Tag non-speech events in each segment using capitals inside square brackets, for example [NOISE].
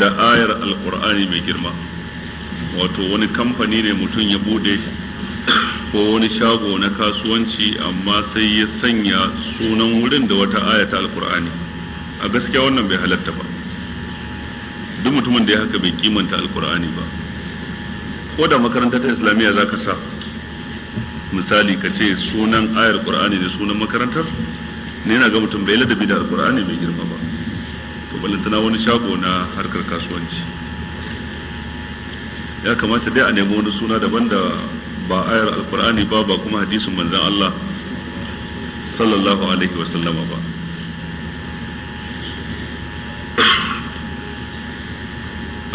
da ayar alkur'ani mai girma wato wani kamfani ne mutum ya bude ko wani shago na kasuwanci amma sai ya sanya sunan wurin da wata aya ta alkur'ani a gaskiya wannan bai halatta ba duk mutumin da ya haka bai kimanta alkur'ani ba ko da makaranta ta islamiyya za ka sa misali ka ce sunan ayar qur'ani ne sunan makarantar ne na ga mutum bai ladabi da alkur'ani mai girma ba to ballantana wani shago na harkar kasuwanci ya kamata dai a nemi wani suna daban da ba ayar alkur'ani ba ba kuma hadisin manzan Allah sallallahu alaihi wa sallama ba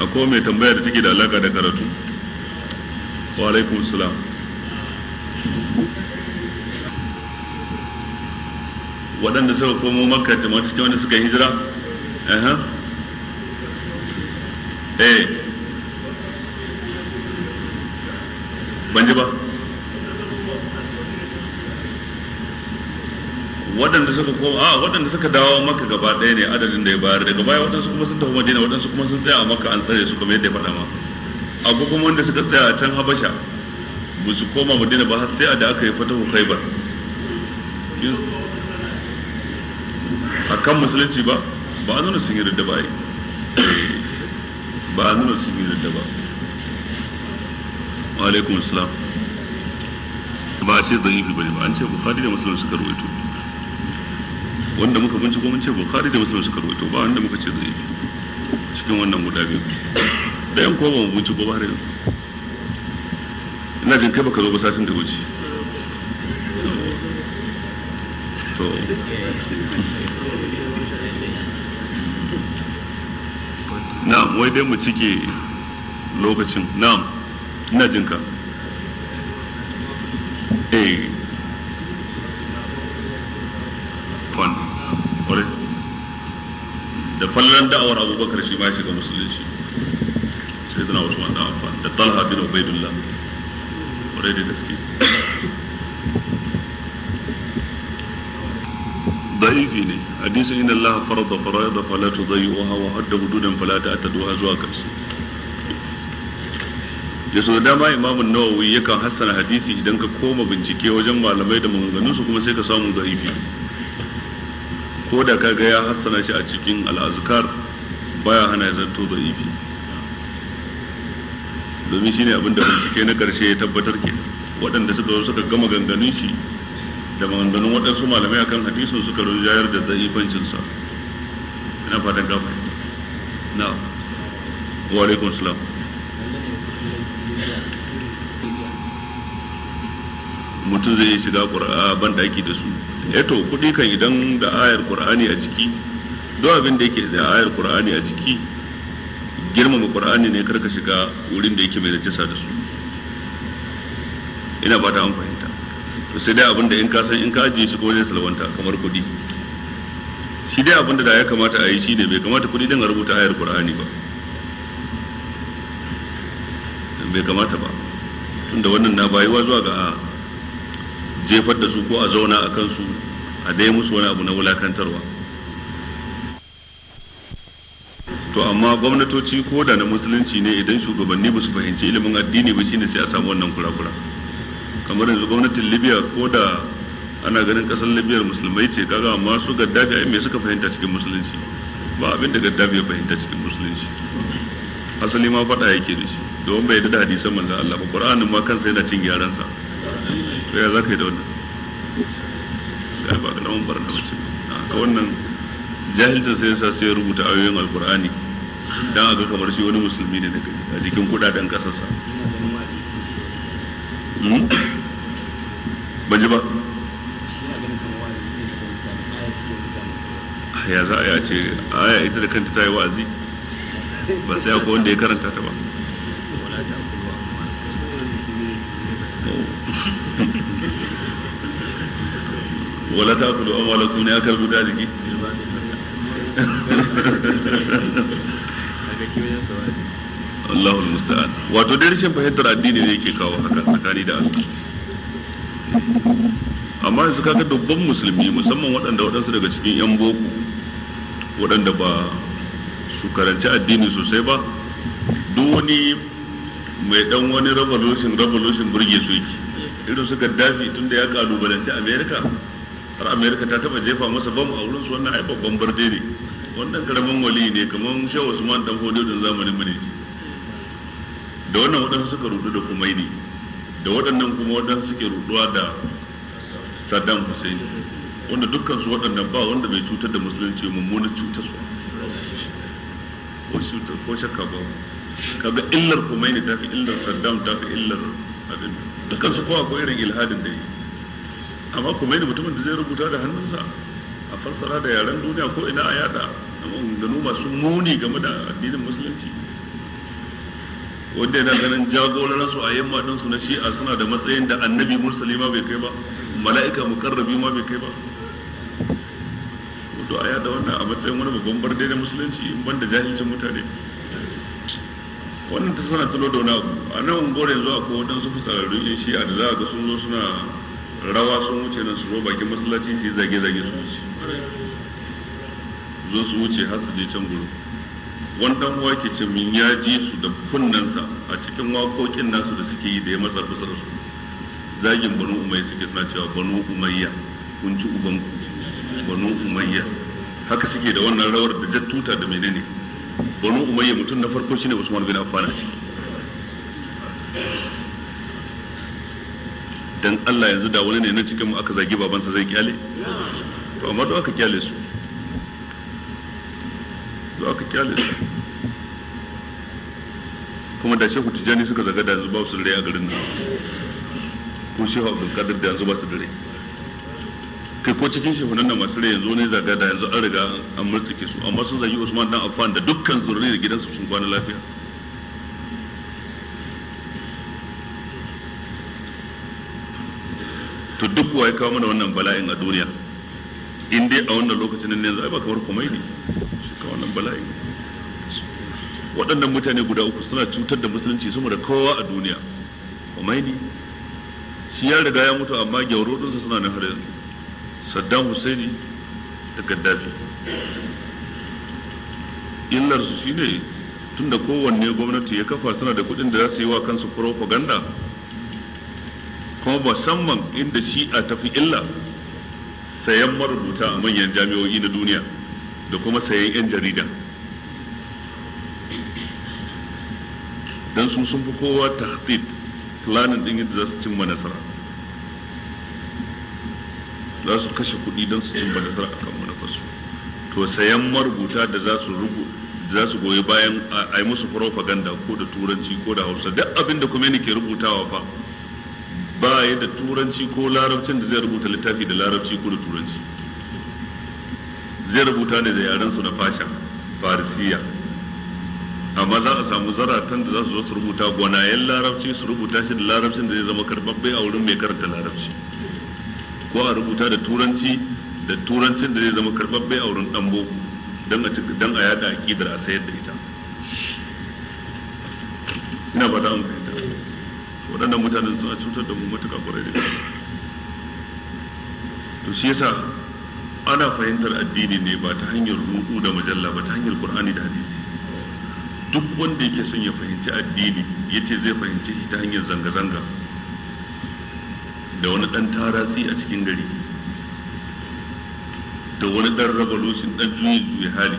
akwai mai tambaya da take da alaka da karatu wa alaikum salam waɗanda suka komo makka jama'a cikin wanda suka hijira aha eh. ban ji ba waɗanda suka koma a waɗanda suka dawo maka gaba ɗaya ne adadin da ya bayar daga baya waɗansu kuma sun tafi madina waɗansu kuma sun tsaya a maka an tsare su kamar yadda ya faɗa ma akwai kuma wanda suka tsaya a can habasha ba su koma madina ba har sai a da aka yi fatahu khaibar a kan musulunci ba ba a nuna sun yi ridda ba yi eh, ba a nuna sun yi ridda ba wa alaikum islam ba a ce zanifi ba ne ba an ce bukhari da musulun suka rawaito wanda muka binciko mun ce bukhari da musulun suka rawaito ba wanda muka ce yi cikin wannan guda biyu da yan kowa mu binciko ba har ina jin kai baka zo ba satin da wuce to na'am wai dai mu cike lokacin na'am ina jin ka eh da fallan da'awar abubakar shi ma ga musulunci sai dana wasu da amfani da talha bin ubaidullah ore da gaske da'ifi ne hadisin inna Allah farada fara'ida fala tudayyi'uha wa hadda hududan fala ta'taduha zuwa karshe ya so dama imamun nawawi yakan hassana hadisi idan ka koma bincike wajen malamai da maganganunsu kuma sai ka samu da'ifi ko da ka ga ya hassana shi a cikin al al'azkar baya hana ya zanto da'ifi domin shine abinda bincike na karshe ya tabbatar ke waɗanda suka zo suka gama ganganun shi da maganganun waɗansu malamai akan hadisin suka rujayar da za'ifancinsa ina fatan gafa na wa alaikum salam mutum zai shiga ban ake da su eto eh kuɗi kan idan da ayar ƙura'ani a jiki duk abin da yake da ayar ƙura'ani a jiki girmama ƙura'ani ne karka shiga wurin da yake mai najasa da su ina ba ta an fahimta to sai dai abinda in ka san in ka ajiye shi ko zai salwanta kamar kuɗi shi dai abinda da ya kamata a yi shi ne bai kamata kuɗi din a rubuta ayar qur'ani ba bai kamata ba tunda wannan na bayuwa zuwa ga a jefar da su ko a zauna a kansu a dai musu wani abu na wulakantarwa to amma gwamnatoci ko da na musulunci ne idan shugabanni ba su fahimci ilimin addini ba shine sai a samu wannan kura-kura kamar yanzu gwamnatin libya ko da ana ganin kasar libya musulmai ce kaga amma su gaddafi ai me suka fahimta cikin musulunci ba abin da gaddafi ya fahimta cikin musulunci asali ma faɗa yake da shi domin bai da hadisan manzo Allah ba qur'anin ma kansa yana cin gyaran sa to ya zaka yi da wannan ga ba mun barna ba ce haka wannan jahilcin sai yasa sai ya rubuta ayoyin alqur'ani dan aga kamar shi wani musulmi ne daga a jikin kudaden kasarsa hmm? ban ji ba ya za a yi a ce aya ita da kanta ta yi wa'azi ba sai akwai wanda ya karanta ta ba wala ta kudu an wala kuma ya kalbu da jiki Allahul musta'an wato dai rashin fahimtar addini ne yake kawo haka tsakani da Allah amma yanzu kaga dubban musulmi musamman waɗanda waɗansu daga cikin 'yan boko waɗanda ba su karanci addini sosai ba duk wani mai dan wani revolution revolution burge su yake irin su gaddafi tunda ya kalubalanci america har america ta taba jefa masa bam a wurin su wannan ai babban barde ne wannan karamin wali ne kamar shehu usman dan hodo din zamanin mu ne da wannan wadansu suka rudu da ne da waɗannan kuma waɗansu suke ruɗuwa da Saddam Hussein wanda dukkan su waɗannan ba wanda bai cutar da musulunci mummunan cutar su ko shakka ba kaga illar Khomeini ta fi illar Saddam ta fi illar abin dukkan su kowa ko irin ilhadin da yi amma Khomeini mutumin da zai rubuta da hannunsa a fassara da yaren duniya ko ina a yada amma gano masu muni game da addinin musulunci wanda yana ganin jagoransu a yamma din su na shi'a suna da matsayin da annabi mursali ma bai kai ba mala'ika mukarrabi ma bai kai ba wato a yada wannan a matsayin wani babban barde na musulunci in ban da jahilcin mutane wannan ta sana tulo da wani abu a nan ungore yanzu akwai waɗansu fusararrun shi shi'a da za a ga sun zo suna rawa sun wuce nan su zo bakin masallaci su yi zage-zage su wuce zo su wuce har su je can gurin wani dan uwa ke ce min ya ji su da kunnansa a cikin waƙoƙin nasu da suke yi da ya matsa kusa da su zagin banu umayya suke suna cewa banu umayya kun ci ubanku banu umayya haka suke da wannan rawar da jattuta da menene banu umayya mutum na farko shine usman bin affan a ciki dan Allah yanzu da wani ne na cikin mu aka zagi babansa zai kyale to amma to aka kyale su su aka kyale su kuma da shehu tijjani suka zaga da yanzu ba su dare a garin nan ko shehu abdul kadir da yanzu ba su dare kai ko cikin shehu nan masu rai yanzu ne zaga da yanzu an riga an murtsike su amma sun zagi usman dan affan da dukkan zurri da gidansu sun kwana lafiya to duk wa ya kawo mana wannan bala'in a duniya in dai a wannan lokacin ne yanzu a ba kamar kuma ne shi ka wannan bala'i waɗannan mutane guda uku suna cutar da musulunci sama da kowa a duniya komai ne shi ya riga ya mutu amma gyauro ɗinsa suna nan har yanzu saddam hussein da gaddafi illarsu shine tun da kowanne gwamnati ya kafa suna da kuɗin da za su yi wa kansu propaganda kuma musamman inda shi a tafi illa sayan marubuta a manyan jami'o'i na duniya da kuma sayan 'yan jarida don su sun fi kowa tahdid planin din yadda za su cimma nasara za su kashe kuɗi don su cimma nasara a kan manufarsu to sayan marubuta da za su rubu za su goyi bayan a yi musu propaganda ko da turanci ko da hausa duk abin da kuma ke rubutawa fa ba ya da turanci ko larabcin da zai rubuta littafi da larabci ko da turanci zai rubuta ne da yaren su na fasha farisiya amma za a samu zaratan da za su zo su rubuta gwanayen larabci su rubuta shi da larabcin da zai zama karbabbe a wurin mai karanta larabci ko a rubuta da turanci da turancin da zai zama karbabbe a wurin dan don dan a dan a yada aqidar a sayar da ita ina ba an amfani waɗannan mutanen suna cutar da mu matuƙa kwarai da to shi yasa ana fahimtar addini ne ba ta hanyar ruku da majalla ba ta hanyar qur'ani da hadisi duk wanda yake son ya fahimci addini ya ce zai fahimci shi ta hanyar zanga-zanga da wani ɗan taratsi a cikin gari da wani ɗan revolution ɗan juyin juya hali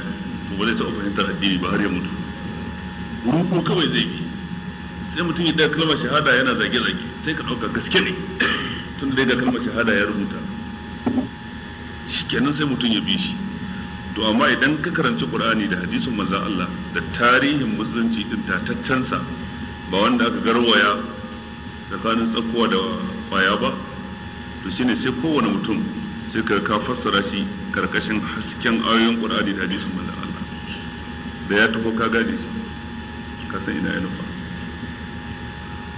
to ba zai taɓa fahimtar addini ba har ya mutu ruku kawai zai yi sai mutum ya ɗaya kalmar shahada yana zage-zage sai ka ɗauka gaske ne tun da ga kalmar shahada ya rubuta shi kenan sai mutum ya bi shi to amma idan ka karanci qur'ani da hadisin manzon Allah da tarihin musulunci din tataccensa ba wanda aka garwaya tsakanin tsakuwa da baya ba to shine sai kowane mutum sai ka ka fassara shi karkashin hasken ayoyin qur'ani da hadisin manzon Allah da ya tafi ka gane shi ka san ina ya nufa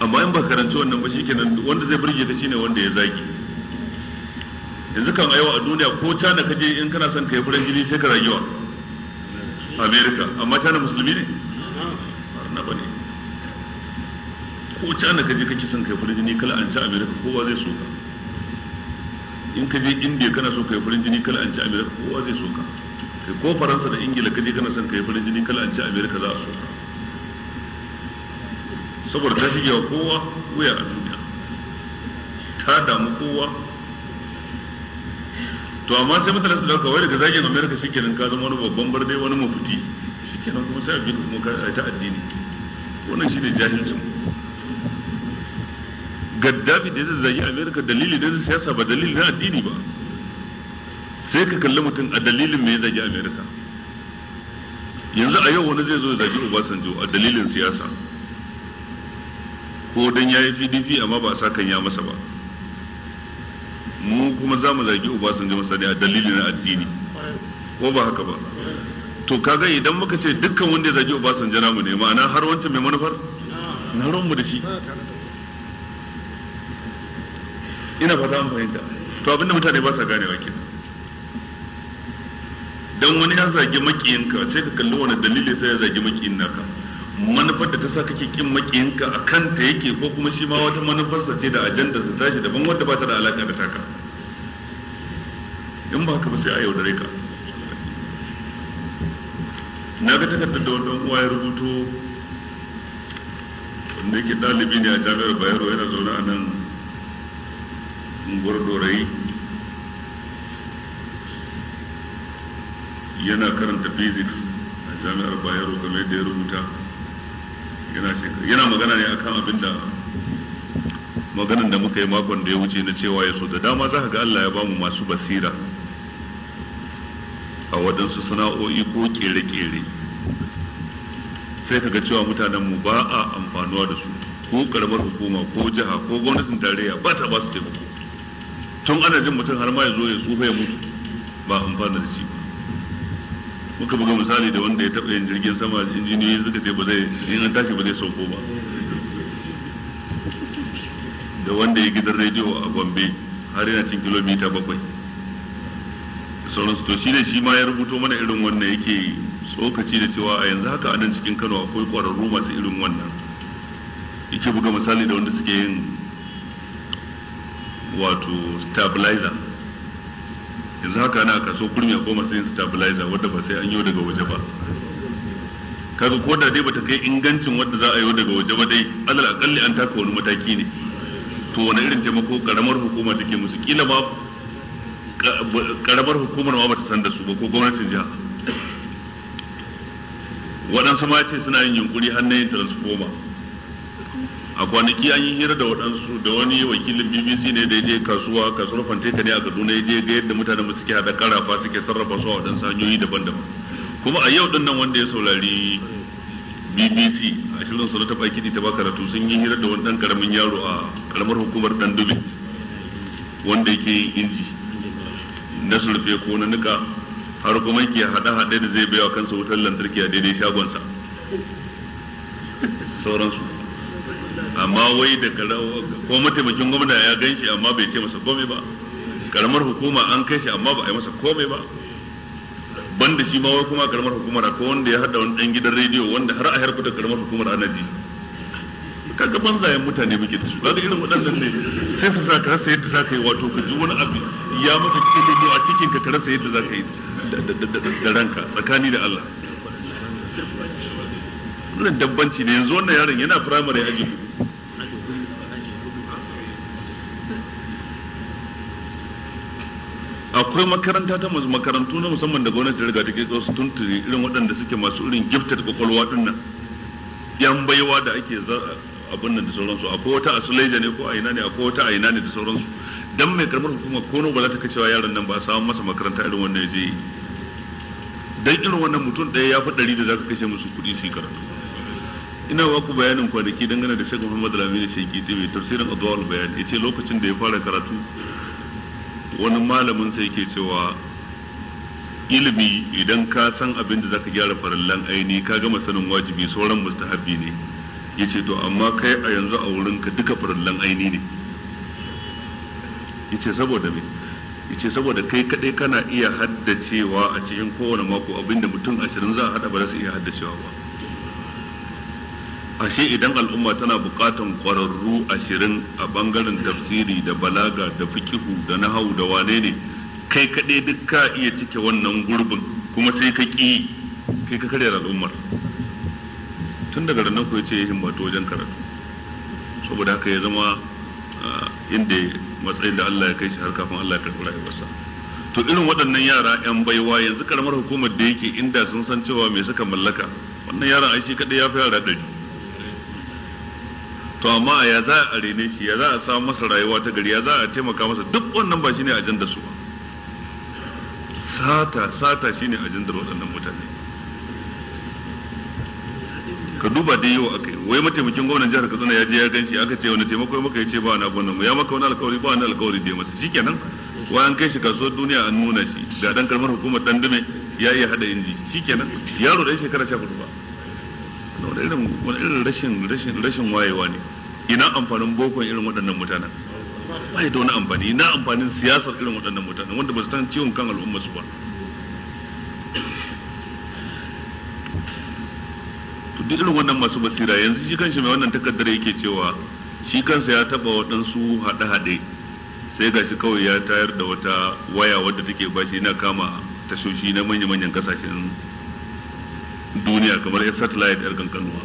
amma in ba karanci wannan ba kenan wanda zai burge ka shine wanda ya zagi yanzu kan ayo a duniya ko cana kaje in kana son kai farin jini sai ka rayuwa america amma cana musulmi ne na bane ko cana kaje kake son kai farin jini kala an ci america kowa zai soka in ka je india kana son kai farin jini kala an ci america kowa zai soka ko faransa da ingila kaje kana son kai farin jini kala an ci america za a soka saboda ta shige wa kowa wuya a duniya ta damu kowa to amma sai mutane su dauka wai daga zagin america shikenan ka zama wani babban barde wani mafuti shikenan kuma sai abin kuma ka ta addini wannan ne jahilcin gaddafi da zai zagi america dalili da siyasa ba dalili na addini ba sai ka kalli mutum a dalilin me ya zagi america yanzu a yau wani zai zo ya zagi obasanjo a dalilin siyasa ko dan yayi PDP amma ba sa kan ya masa ba mu kuma za mu zagi ga masa ne a dalilin addini ko ba haka ba to kaga idan muka ce dukkan wanda ya zagi uba, Obasanjo namu ne ma'ana har wancan mai manufar na mu da shi ina fata an fahimta to abinda mutane ba sa ganewa ke. dan wani ya zagi makiyinka sai ka kalli wani dalili sai ya zagi makiyin naka manufar da ta sa kake kin makiyinka a kanta yake ko kuma shi ma wata manufarsa ce da ajandar da tashi daban wanda ba ta da alaƙa da taka in ba haka ba sai a yaudare ka na ga takardar da wani uwa ya rubuto wanda yake ɗalibi ne a jami'ar bayero yana zaune a nan unguwar dorayi yana karanta physics a jami'ar bayero game da ya rubuta yana magana ne akan abin da maganan da muka yi makon da ya wuce na cewa ya so da dama za ka ga Allah ya bamu masu basira a waɗansu sana'o'i ko ƙere-ƙere sai ka ga cewa mutanen mu ba a amfanuwa da su ko karamar hukuma ko jiha ko gwamnatin tarayya ba ta ba su taimako tun ana jin mutum har ma ya zo ya tsufa ya mutu ba amfana da shi muka buga misali da wanda ya taɓa yin jirgin sama injiniyoyi suka ce ba zai in an tashi ba zai sauko ba da wanda ya gidan rediyo a gombe har yana cin kilomita bakwai sauransu to shi ne shi ma ya rubuto mana irin wannan yake tsokaci da cewa a yanzu haka anan cikin kano akwai kwararru masu irin wannan yake buga misali da wanda suke yin wato stabilizer yanzu haka ana kaso kurmi a koma yin stabilizer wadda ba sai an yi daga waje ba kaga ko da dai bata kai ingancin wadda za a yi daga waje ba dai alal akalli an taka wani mataki ne to wani irin taimako karamar hukuma take musu kila ma karamar hukumar ma bata san da su ba ko gwamnatin jiha waɗansu ma ce suna yin yunkuri har na transformer a kwanaki an yi hira da waɗansu da wani wakilin bbc ne da ya je kasuwa kasuwar fanteka ne a kaduna ya je ga yadda mutanen mu suke haɗa karafa suke sarrafa su a waɗansu hanyoyi daban-daban kuma a yau ɗin nan wanda ya saurari bbc a shirin su ta baki ta ba karatu sun yi hira da wani ɗan karamin yaro a karamar hukumar ɗan dube wanda yake yin inji na surfe ko na nika har kuma yake haɗe-haɗe da zai baiwa kansa wutar lantarki a daidai shagonsa sauransu amma wai da ko mataimakin gwamna ya gan shi amma bai ce masa komai ba karamar hukuma an kai shi amma ba a yi masa komai ba banda shi ma wai kuma karamar hukumar ko wanda ya hada wani dan gidan rediyo wanda har a harfi da karamar hukumar ana ji kaga banzayen mutane muke da su kaga irin waɗannan ne sai su saka rasa yadda zaka yi wato ka ji wani abu ya maka cikin a cikin ka rasa yadda zaka yi da ranka tsakani da Allah wannan dabbanci ne yanzu wannan yaron yana firamare aji akwai makaranta ta masu makarantu na musamman da gwamnati riga take tsawo su tunturi irin waɗanda suke masu irin gifted kwakwalwa din nan yan baiwa da ake abin nan da sauransu akwai wata a sulaija ne ko aina ne akwai wata aina ne da sauransu dan mai karamar hukuma ko ba za ta kacewa yaron nan ba a samu masa makaranta irin wannan ya je dan irin wannan mutum ɗaya ya fi ɗari da za ka kashe musu kuɗi su yi karatu ina baku bayanin kwanaki dangane da Sheikh Muhammad Lamini Shankiti mai tafsirin Adwal Bayan yace lokacin da ya fara karatu wani malamin sai yake cewa ilimi idan ka san abin da zaka gyara farallan aini ka gama sanin wajibi sauran mustahabi ne yace to amma kai a yanzu a wurin ka duka farallan aini ne yace saboda me yace saboda kai kadai kana iya haddacewa a cikin kowane mako abinda mutum ashirin za a hada ba za su iya haddacewa ba ashe idan al'umma tana bukatan kwararru ashirin a bangaren tafsiri da balaga da fikihu da nahau da wane ne kai kaɗai duk ka iya cike wannan gurbin kuma sai ka ƙi kai ka karya al'ummar tun daga ranar ku ce himmatu wajen karatu saboda haka ya zama inda matsayin da Allah ya kai shi har kafin Allah ya karɓi rayuwarsa to irin waɗannan yara 'yan baiwa yanzu karamar hukumar da yake inda sun san cewa me suka mallaka wannan yaran ai shi kaɗai ya fi yara ɗari to amma ya za a rene shi ya za a samu masa rayuwa ta gari ya za a taimaka masa duk wannan ba ajin da su ba sata sata shi ajin da waɗannan mutane ka duba da aka yi wai mataimakin gwamnan jihar Katsina ya je ya ganshi aka ce wani taimako maka ce ba na gwamnan mu ya maka wani alkawari ba wani alkawari da ya masa shikenan wai an kai shi kaso duniya an nuna shi ga dan karamar hukumar dan dume ya iya hada inji shikenan yaro da shekara 14 ba wani irin wani irin rashin rashin rashin wayewa ne ina amfanin bokon irin waɗannan mutanen ba ya wani amfani ina amfanin siyasar irin waɗannan mutanen wanda ba su san ciwon kan al'umma su ba to duk irin wannan masu basira yanzu shi kanshi mai wannan takardar yake cewa shi kansa ya taba waɗansu haɗe-haɗe sai ga shi kawai ya tayar da wata waya wadda take bashi na kama tashoshi na manya-manyan kasashen duniya kamar ya satellite yar kankanuwa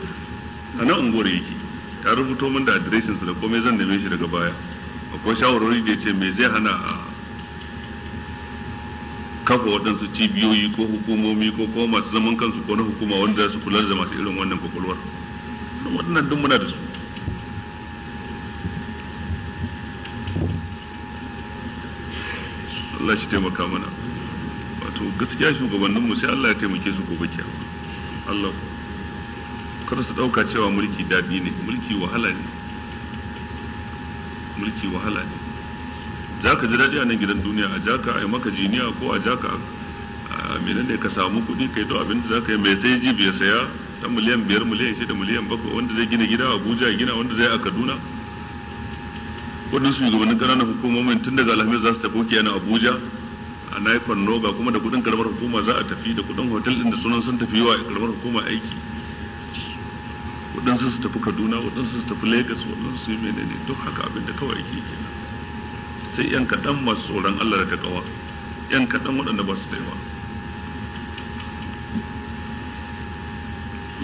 a nan unguwar yake ta rubuto min da adireshin da komai zan neme shi daga baya akwai shawarwari da ya ce me zai hana a kafa waɗansu cibiyoyi ko hukumomi ko kuma masu zaman kansu ko na hukuma wanda su kula da masu irin wannan kwakwalwar waɗannan duk muna da su Allah shi taimaka mana wato gaskiya shugabanninmu sai Allah ya taimake su gobe kyau. Allah kada su ɗauka cewa mulki daɗi ne mulki wahala ne mulki wahala ne za ka ji daɗi a nan gidan duniya a jaka a yi maka jiniya ko a jaka a menene ka samu kuɗi kai to abin da za ka yi mai sai jibi ya saya ta miliyan biyar miliyan shida miliyan bakwai wanda zai gina gida a abuja gina wanda zai a kaduna waɗansu shugabannin ƙananan hukumomin tun daga alhamis za su tafi kiyana abuja a naikon noga kuma da kudin karamar hukuma za a tafi da kudin hotel din da sunan sun tafi yawa karamar hukuma aiki waɗansu su tafi kaduna waɗansu su tafi lagos waɗansu su yi menene duk haka abin da kawai ke sai yan kaɗan masu tsoron allah da takawa yan kaɗan waɗanda ba su da yawa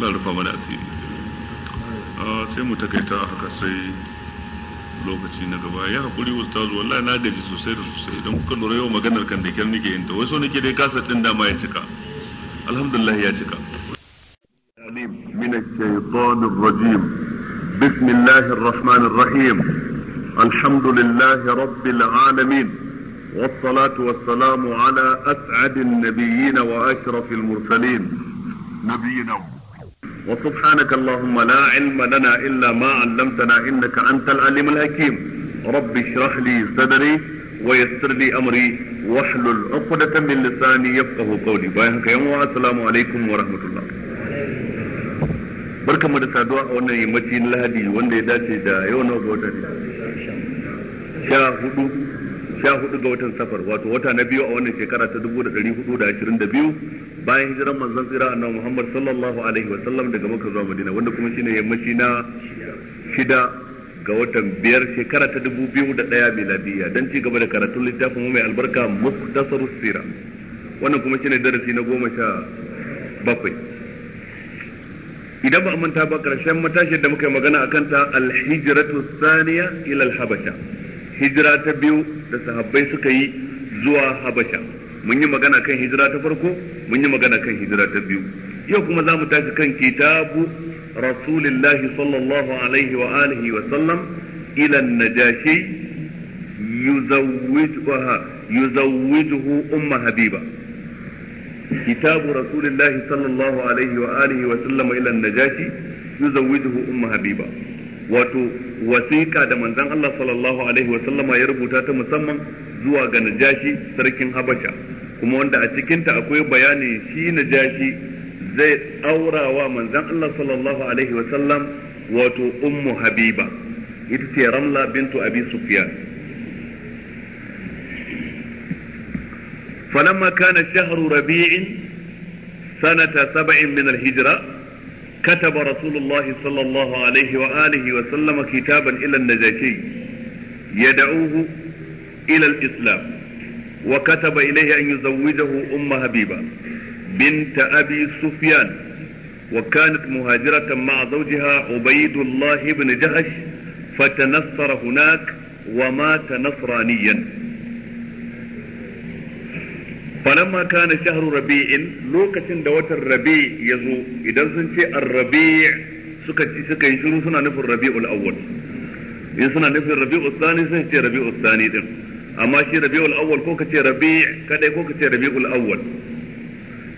Allah mana asiri ah, sai mu takaita haka sai lokaci na gaba ya hakuri ustazu wallahi na gaji sosai da sosai idan kuka lura yau maganar kan da kyar nake yin ta wasu nake dai kasa din dama ya cika alhamdulillah ya cika من الشيطان الرجيم بسم الله الرحمن الرحيم الحمد لله رب العالمين والصلاة والسلام على أسعد النبيين وأشرف المرسلين نبينا وسبحانك اللهم لا علم لنا إلا ما علمتنا إنك أنت العليم الحكيم رب اشرح لي صدري ويسر لي أمري واحلل عقدة من لساني يفقه قولي بايعك يا السلام عليكم ورحمة الله barkamu da saduwa a wannan yammacin lahadi wanda ya dace da yau na ga wata sha hudu sha hudu ga watan safar wato wata na biyu a wannan shekara ta dubu da dari hudu da ashirin da biyu bayan hijiran manzon tsira nan Muhammad sallallahu alaihi wa sallam daga maka zuwa Madina wanda kuma shine yammaci na shida ga watan biyar shekara ta dubu biyu da ɗaya miladiyya don ci gaba da karatun littafin mai albarka muktasar sira wannan kuma shine darasi na goma sha bakwai idan ba a manta ba karshen matashin da muka yi magana a kanta alhijiratu saniya ila habasha hijira ta biyu da sahabbai suka yi zuwa habasha mun yi magana kan hijira ta farko mun yi magana kan hijira ta biyu yau kuma za mu tashi kan kitabu rasulillahi sallallahu alaihi wa alihi wa sallam ila najashi yuzawwijuha yuzawwijuhu umma habiba kitabu rasulillahi sallallahu alaihi wa alihi wa sallam ila najashi yuzawwijuhu umma habiba wato wasiƙa da manzon Allah sallallahu alaihi wasallama ya rubuta ta musamman zuwa ga Najashi sarkin Habasha kuma wanda a cikinta akwai bayani shi Najashi zai wa manzan Allah sallallahu alaihi wasallam wato ummu Habiba ita ce Ramla bintu Abi Sufyan فلما كان شهر ربيع سنة سبع من الهجرة كتب رسول الله صلى الله عليه وآله وسلم كتابا إلى النجاشي يدعوه إلى الإسلام وكتب إليه أن يزوجه أم حبيبة بنت أبي سفيان وكانت مهاجرة مع زوجها عبيد الله بن جهش فتنصر هناك ومات نصرانيا falamma kana shahru rabi'in lokacin da watan rabi ya zo idan sun ce ar-rabi' suka suka yi shiru suna nufin rabi'ul awwal in suna nufin rabi'ul thani sai ce rabi'ul thani din amma shi rabi'ul awwal ko kace rabi' kadai ko kace rabi'ul awwal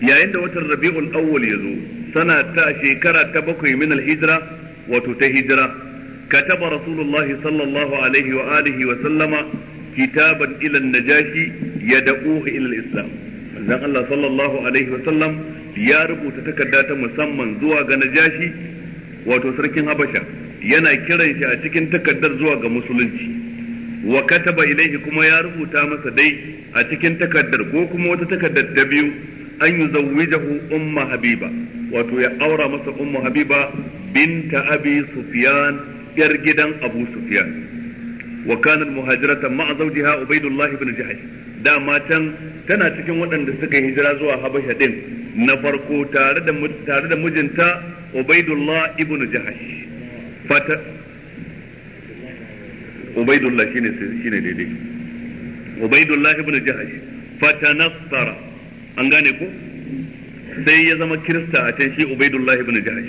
yayin da watan rabi'ul awwal ya zo sana ta shekara ta bakwai min hijra wato ta hijira kataba rasulullahi sallallahu alaihi wa wa kitaban ila najashi ya ila al-islam dan Allah sallallahu alaihi wa sallam ya rubuta takarda ta musamman zuwa ga najashi wato sarkin habasha yana kiran shi a cikin takardar zuwa ga musulunci wa kataba ilaihi kuma ya rubuta masa dai a cikin takardar ko kuma wata takardar ta biyu an yi zawwijahu umma habiba wato ya aura masa umma habiba binta abi sufyan yar gidan abu sufyan wa kana muhajiratan ma'a zawjiha Ubaidullah ibn Jahash da matan tana cikin waɗanda suka hijira zuwa Habasha din na farko tare da tare da mijinta Ubaidullah ibn Jahash fata Ubaidullah shine shine daidai Ubaidullah ibn Jahash fatanassara an gane ko sai ya zama kirista a can shi Ubaidullah ibn Jahash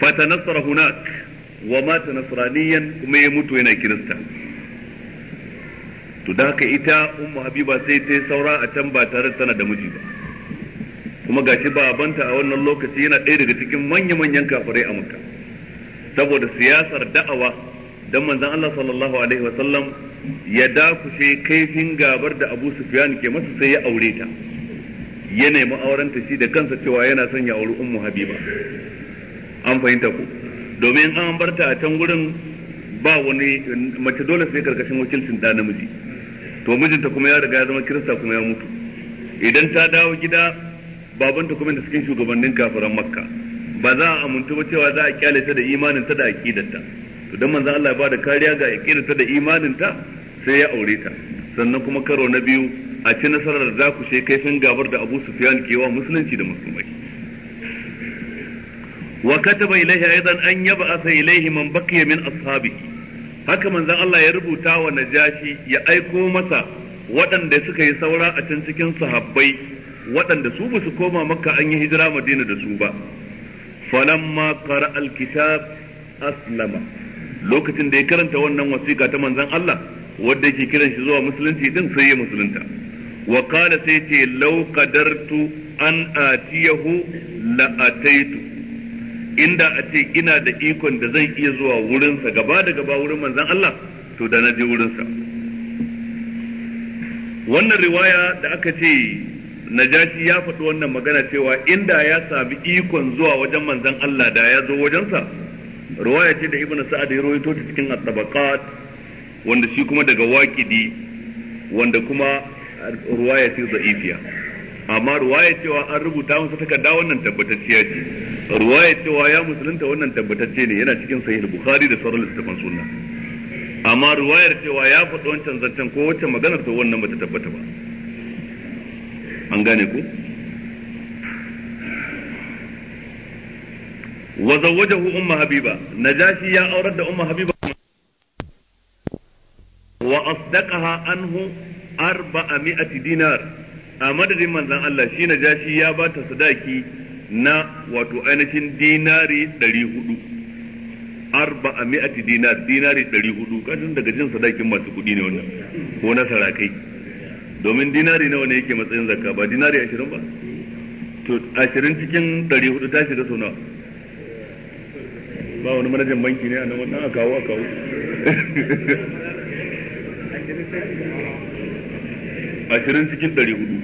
fatanassara hunak wa mata nasraniyan kuma ya mutu yana kirista to da haka ita ummu habiba sai ta saura a can ba tare tana da miji ba kuma gashi babanta a wannan lokaci yana ɗaya daga cikin manya-manyan kafirai a makka saboda siyasar da'awa dan manzon Allah sallallahu alaihi wasallam ya dakushe kaifin gabar da Abu Sufyan ke masa sai ya aure ta ya nemi aurenta shi da kansa cewa yana son ya auri ummu habiba an fahimta ku domin an barta a can gurin ba wani mace dole sai karkashin wakilcin da namiji to mijinta kuma ya riga ya zama kirista kuma ya mutu idan ta dawo gida babanta kuma da cikin shugabannin kafiran makka ba za a amintu ba cewa za a kyale ta da imanin ta da aqidarta to dan manzo Allah ya bada kariya ga aqidarta da imanin ta sai ya aure ta sannan kuma karo na biyu a ci nasarar da za ku shekai kaifin gabar da Abu Sufyan ke wa musulunci da musulmai wa kataba ilaihi aidan an yab'atha ilaihi man baqiya min ashabihi haka manzon Allah ya rubuta wa najashi ya aiko masa waɗanda suka yi saura a can cikin sahabbai waɗanda su ba su koma makka an yi hijira madina da su ba falamma qara alkitab aslama lokacin da ya karanta wannan wasiƙa ta manzon Allah wanda yake kiran shi zuwa musulunci din sai ya musulunta wa qala sai ce law qadartu an atiyahu la ataitu inda a ce ina da ikon da zan iya zuwa wurinsa gaba da gaba wurin manzon Allah to da na je wurinsa wannan riwaya da aka ce najashi ya faɗi wannan magana cewa inda ya sami ikon zuwa wajen manzon Allah da ya zo wajensa riwaya ce da ibnu sa'ad ya rawaito ta cikin at-tabaqat wanda shi kuma daga waqidi wanda kuma riwaya ce da'ifiya amma riwaya cewa an rubuta masa takarda wannan tabbatacciya ce ruwaya cewa ya musulunta wannan tabbatacce ne yana cikin sahih bukhari da sauran littafan sunna amma ruwayar cewa ya faɗi wancan zancen ko wacce maganar to wannan bata tabbata ba an gane ku wa zawwajahu umma habiba najashi ya aurar da umma habiba wa asdaqaha anhu 400 dinar a madadin manzon Allah shi najashi ya bata sadaki na wato ainihin dinari ɗari hudu arba a mi'ati dinar dinari ɗari hudu kashin daga jin sadakin masu kuɗi ne wannan ko na sarakai domin dinari nawa ne yake matsayin zakka ba dinari ashirin ba to ashirin cikin ɗari hudu ta shiga sau nawa ba wani manajan banki ne a nan wannan a kawo a kawo [LAUGHS] ashirin cikin ɗari hudu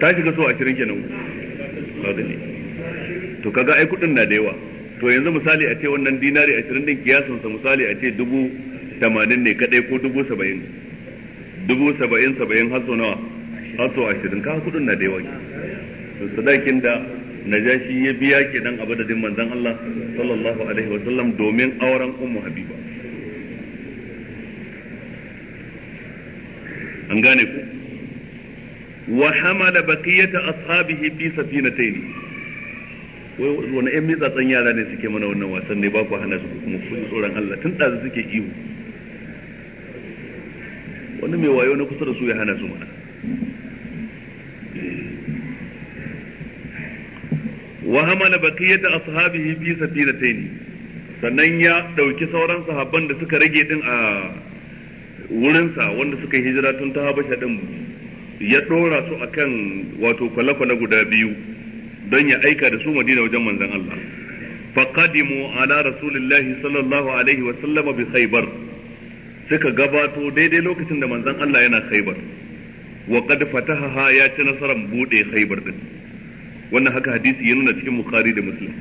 ta shiga so ashirin kenan kaga ne to kaga ai kudin na da yawa to yanzu misali a ce wannan dinari ashirin din kiyasan sa misali a ce dubu tamanin ne kadai ko dubu saba'in dubu saba'in saba'in haso nawa haso ashirin kaga kudin na da yawa to sadakin da najashi ya biya kenan a badadin manzon Allah sallallahu alaihi wa sallam domin auren ummu habiba an gane ku wa hamala baqiyata ashabihi fi safinatayn wai wani ƴan mitsatsan yara ne suke mana wannan wasan ne ba ku hana su kuma kun tsoron Allah tun ɗazu suke ihu wani mai wayo na kusa da su ya hana su mana wa hamala baqiyata ashabihi fi safinatayn sannan ya dauki sauran sahabban da suka rage din a wurinsa wanda suka yi hijira tun ta habasha din ya ɗora su a kan wato kwale-kwale guda biyu don ya aika da su madina wajen manzan Allah faqadimu ala rasulillahi sallallahu alaihi wa bi khaybar suka gabato daidai lokacin da manzan Allah yana khaybar wa qad fataha ya ci nasarar buɗe khaybar din wannan haka hadisi ya nuna cikin bukhari da muslim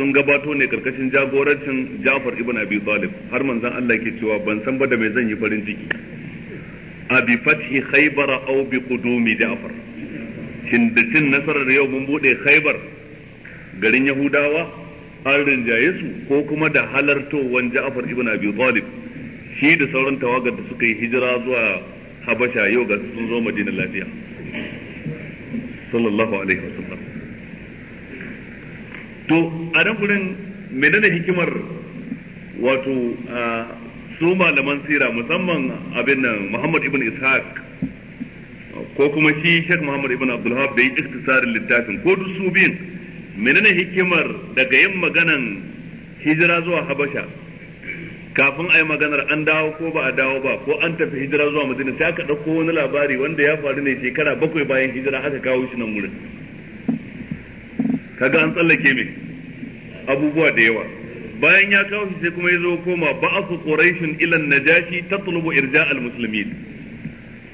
sun gabato ne karkashin jagorancin Ja'far ibn Abi Talib har manzon Allah yake cewa ban san ba da me zan yi farin ciki Abi bi fathi khaybar aw bi qudumi ja'far shin da cin nasarar yau mun bude khaybar garin yahudawa an rinjaye su ko kuma da halartowan ja'far ibn abi talib shi da sauran tawagar da suka yi hijira zuwa habasha yau ga sun zo madina lafiya sallallahu alaihi wasallam to a nan gurin menene hikimar wato su malaman sira musamman abin nan Muhammad ibn Ishaq ko kuma shi Sheikh Muhammad ibn Abdulhab da yi iktisarin littafin ko duk su biyun menene hikimar daga yin maganan hijira zuwa Habasha kafin a yi maganar an dawo ko ba a dawo ba ko an tafi hijira zuwa Madina sai aka ɗauko wani labari wanda ya faru ne shekara bakwai bayan hijira aka kawo shi nan wurin kaga an tsallake me abubuwa da yawa bayan ya kawo shi sai kuma ya zo koma ba'asu quraishin ila najashi tulubu irja' al-muslimin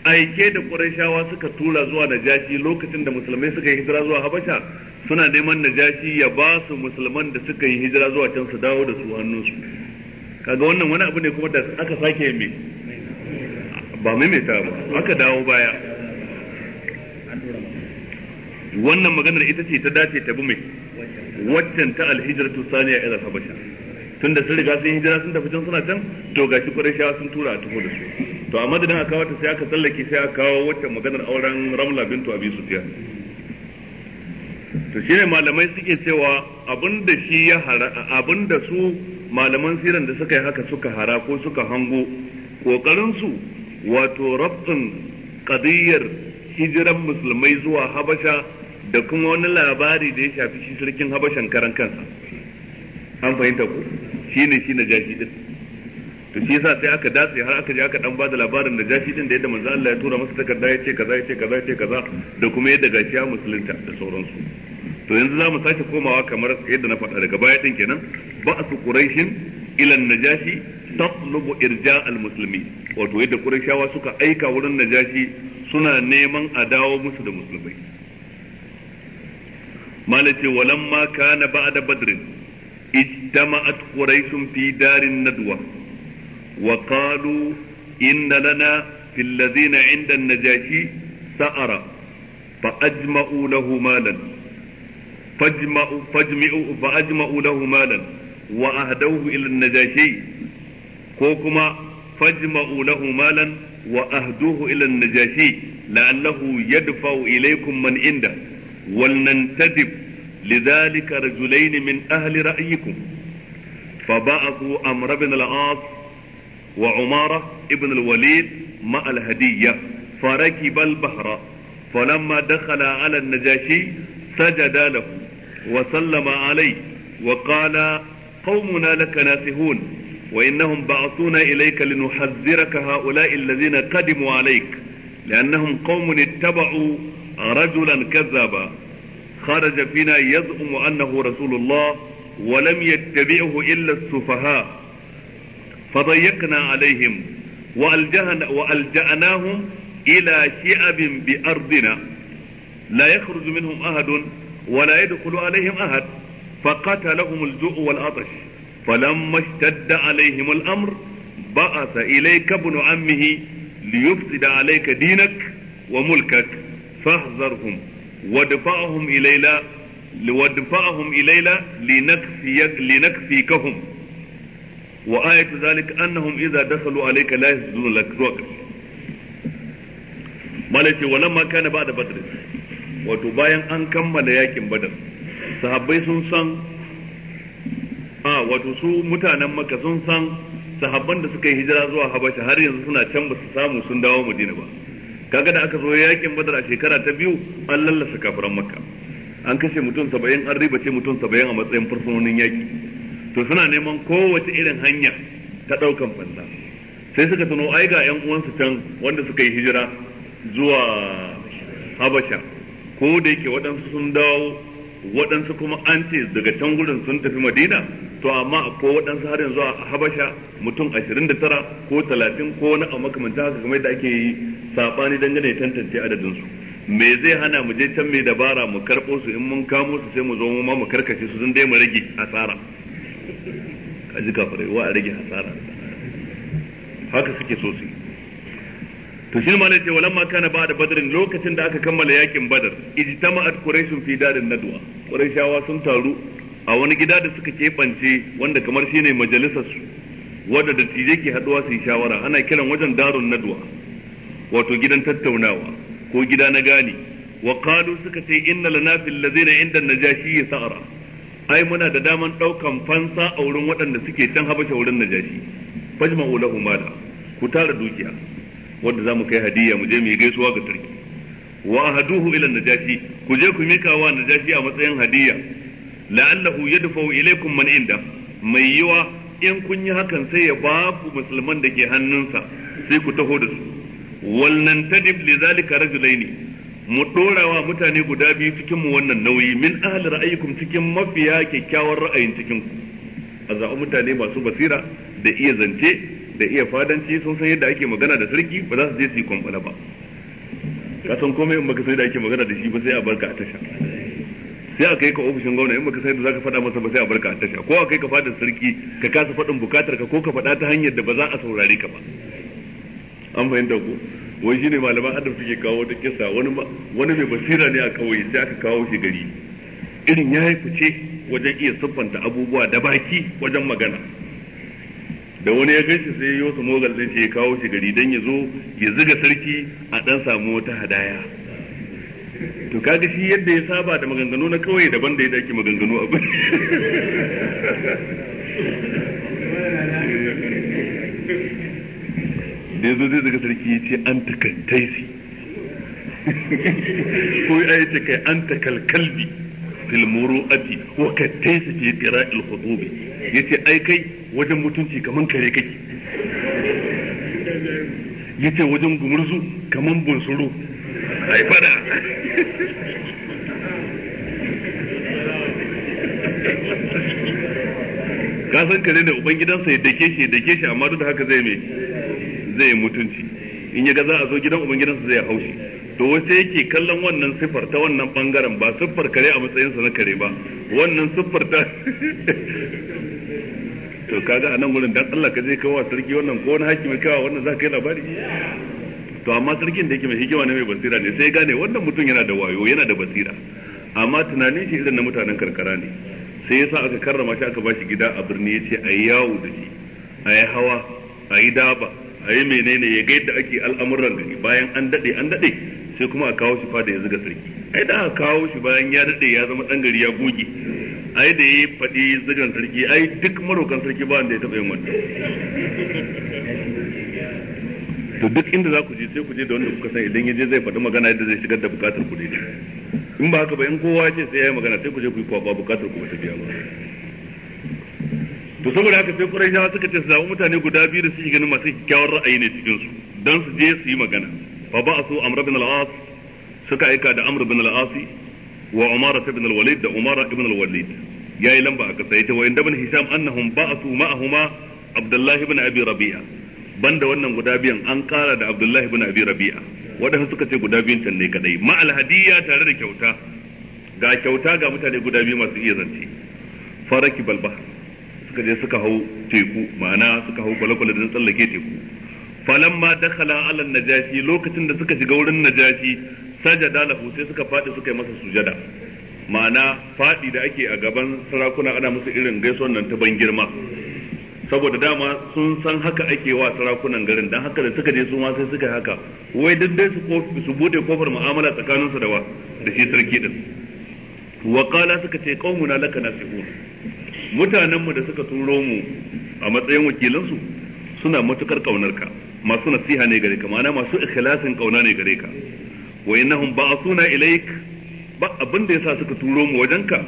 aike da quraishawa suka tura zuwa najashi lokacin da musulmai suka yi hijira zuwa habasha suna neman najashi ya ba su musulman da suka yi hijira zuwa can su dawo da su su kaga wannan wani abu ne kuma da aka sake mai ba mai ba aka dawo baya wannan maganar ita ce ta dace ta bi mai waccan ta alhijratu saniya ila habasha tun da sun riga sun hijira sun tafi can suna can to gashi qurayshawa sun tura a tuho da su to a madadin a kawo sai aka tsallake sai aka kawo wacce maganar auren ramla bintu abi sufiya to shine malamai suke cewa abinda shi ya hara abinda su malaman siran da suka yi haka suka hara ko suka hango kokarin su wato rabtin qadiyyar hijiran musulmai zuwa habasha da kuma wani labari da ya shafi shi sarkin habashan karan kansa an fahimta ku shine shi najashi din to shi yasa sai aka datse har aka je aka dan da labarin najashi din da yadda manzo Allah ya tura masa takarda ya ce kaza ya ce kaza ya ce kaza da kuma yadda gashi musulunta da sauransu to yanzu za mu sake komawa kamar yadda na faɗa daga baya din kenan su quraishin ila najashi tatlubu irja al-muslimi wato yadda quraishawa suka aika wurin najashi suna neman a dawo musu da musulmai malace walamma kana ba'da badrin اجتمعت قريش في دار الندوة وقالوا إن لنا في الذين عند النجاشي سأرة فأجمعوا له مالا فاجمعوا فاجمعوا فأجمعوا له مالا وأهدوه إلى النجاشي كوكما فاجمعوا له مالا وأهدوه إلى النجاشي لأنه يدفع إليكم من عنده ولننتدب لذلك رجلين من أهل رأيكم فبعثوا أمر بن العاص وعمارة ابن الوليد مع الهدية فركب البحر فلما دخل على النجاشي سجد له وسلم عليه وقال قومنا لك ناسهون وإنهم بعثونا إليك لنحذرك هؤلاء الذين قدموا عليك لأنهم قوم اتبعوا رجلا كذابا خرج فينا يزعم أنه رسول الله ولم يتبعه إلا السفهاء فضيقنا عليهم وألجأناهم إلى شئب بأرضنا لا يخرج منهم أحد ولا يدخل عليهم أحد فقتلهم الجوع والعطش فلما اشتد عليهم الأمر بعث إليك ابن عمه ليفسد عليك دينك وملكك فاحذرهم ودفعهم إليلا ودفعهم إليلا linakfiyak linakfikahum wa ayatu zalik annahum idza dakhalu alayka la yasjudun lak zuwa ولما كان بعد بدر ba'da أن wato bayan an kammala yakin badar sahabbai sun san a wato su mutanen maka sun san sahabban da suka yi hijira zuwa habasha har yanzu suna can ba su samu sun dawo madina ba kaga da aka zo yakin badar a shekara ta biyu an lallasa kafiran makka an kashe mutum saba'in an riba ce mutum saba'in a matsayin fursunonin yaki to suna neman kowace irin hanya ta ɗaukan fansa sai suka tuno ai ga yan uwansu can wanda suka yi hijira zuwa habasha ko da yake waɗansu sun dawo waɗansu kuma an ce daga can gudun sun tafi madina to amma ko waɗansu har yanzu a habasha mutum ashirin da tara ko talatin ko wani a makamanta haka kamar da ake yi saɓani dangane tantance su. me zai hana mu je can mai dabara mu karɓo su in mun kamo su sai mu zo mu ma mu karkace su don dai mu rage asara ji kafirai wa a rage hasara haka suke so su to shi ma ce walamma kana ba da badrin lokacin da aka kammala yakin badar ijtama'at quraishun fi darin nadwa quraishawa sun taru a wani gida da suka keɓance wanda kamar ne majalisar su da tije ke haɗuwa su yi shawara ana kiran wajen darun nadwa wato gidan tattaunawa ko gida na gani wa qalu suka ce inna lana fil ladina inda najashi sa'ara ai muna da daman daukan fansa a wurin waɗanda suke can habasha wurin najashi fajma ulahu mala ku tara dukiya wanda zamu kai hadiya mu je mu yi gaisuwa ga sarki wa ahaduhu ila najashi ku je ku mika wa najashi a matsayin hadiya la'allahu yadfa'u ilaykum man inda mai yiwa in kun yi hakan sai ya ba ku musulman da ke hannunsa sai ku taho da su wallan tadib li zalika rajulaini mu dorawa mutane guda biyu cikin mu wannan nauyi min ahli ra'ayikum cikin mafiya kyakkyawar ra'ayin cikin ku a zaɓi mutane masu basira da iya zance da iya fadanci sun san yadda ake magana da sarki ba za su je su yi kwamfala ba ka san komai in baka san yadda ake magana da shi ba sai a barka a tasha sai a kai ka ofishin gwamna in baka sai da zaka faɗa masa ba sai a barka a tasha ko a kai ka fada sarki ka kasa faɗin bukatar ka ko ka faɗa ta hanyar da ba za a saurare ka ba an fahimta ku wai shine malaman adam suke kawo ta kisa wani wani mai basira ne a kauye sai aka kawo shi gari irin ya fice wajen iya siffanta abubuwa da baki wajen magana da wani ya gaishe sai yi wasu mogal sai ya kawo shi gari don ya zo ya ziga sarki a ɗan samu wata hadaya to kaga shi yadda ya saba da maganganu na kawai daban da ya dake maganganu abu da yazo zai zaga sarki ya ce an takantai si ko ya yi kai an takalkalbi fil ati wa su si fi qira'il ya ce ai kai wajen mutunci kaman kare kake ce wajen gumurzu kaman bunsuru ai fada ka san kare da uban gidansa ya dake shi dake shi amma duk da haka zai me zai mutunci in ya ga za a zo gidan uban gidansa zai haushi to wasu yake kallon wannan siffar ta wannan bangaren ba siffar kare a matsayinsa na kare ba wannan siffar ta [LAUGHS] to kaga a nan wurin dan Allah ka je kawo sarki wannan ko wani hakimi kawo wannan za ka yi labari to amma sarkin da yake mai hikima ne mai basira ne sai gane wannan mutum yana da wayo yana da basira amma tunanin shi irin na mutanen karkara ne sai yasa aka karrama shi aka bashi gida a birni yace a yi yawo da shi a yi hawa a yi daba a yi menene ya ga yadda ake al'amuran gari bayan an dade an dade sai kuma a kawo shi fada ya zuga sarki ai da aka kawo shi bayan ya dade ya zama dan gari ya goge ai da ya faɗi zugan sarki ai duk marokan sarki ba wanda ya taɓa yin wannan to duk inda za ku je sai ku je da wanda kuka san idan ya je zai faɗi magana yadda zai shigar da bukatar ku ne in ba haka ba in kowa ce sai ya yi magana sai ku je ku yi kwaba bukatar ku ba ta biya ba to saboda haka sai Qurayshawa suka ce su zaɓi mutane guda biyu da suke ganin masu kyakkyawar ra'ayi ne cikin su dan su je su yi magana fa ba su amra bin al-As suka aika da Amr bin al-As wa Umar bin al-Walid da Umar bin al-Walid yayi lamba aka sai ta wa inda bin hisam annahum ba'athu ma'ahuma abdullahi bin Abi Rabi'a banda wannan guda biyan an kara da Abdullahi bin Abi Rabi'a wadanda suka ce guda biyan can ne kadai ma alhadiyya tare da kyauta ga kyauta ga mutane guda biyu masu iya zance faraki balba suka je suka hau teku ma'ana suka hau kwale-kwale da tsallake teku falamma kala alan najashi lokacin da suka shiga wurin najashi sajada lahu sai suka faɗi suka yi masa sujada ma'ana faɗi da ake a gaban sarakuna ana musu irin gaisuwan nan ta ban girma saboda dama sun san haka ake wa sarakunan garin dan haka da suka je su ma sai suka yi haka wai duk dai su su bude kofar mu'amala tsakaninsu da wa da shi sarki din wa qala suka ce qaumuna laka nasihun mutanen mu da suka turo mu a matsayin su suna matukar kaunar ka masu nasiha ne gare ka ma'ana masu ikhlasin kauna ne gare ka wa innahum ba'athuna ilaik ba abin da yasa suka turo mu wajenka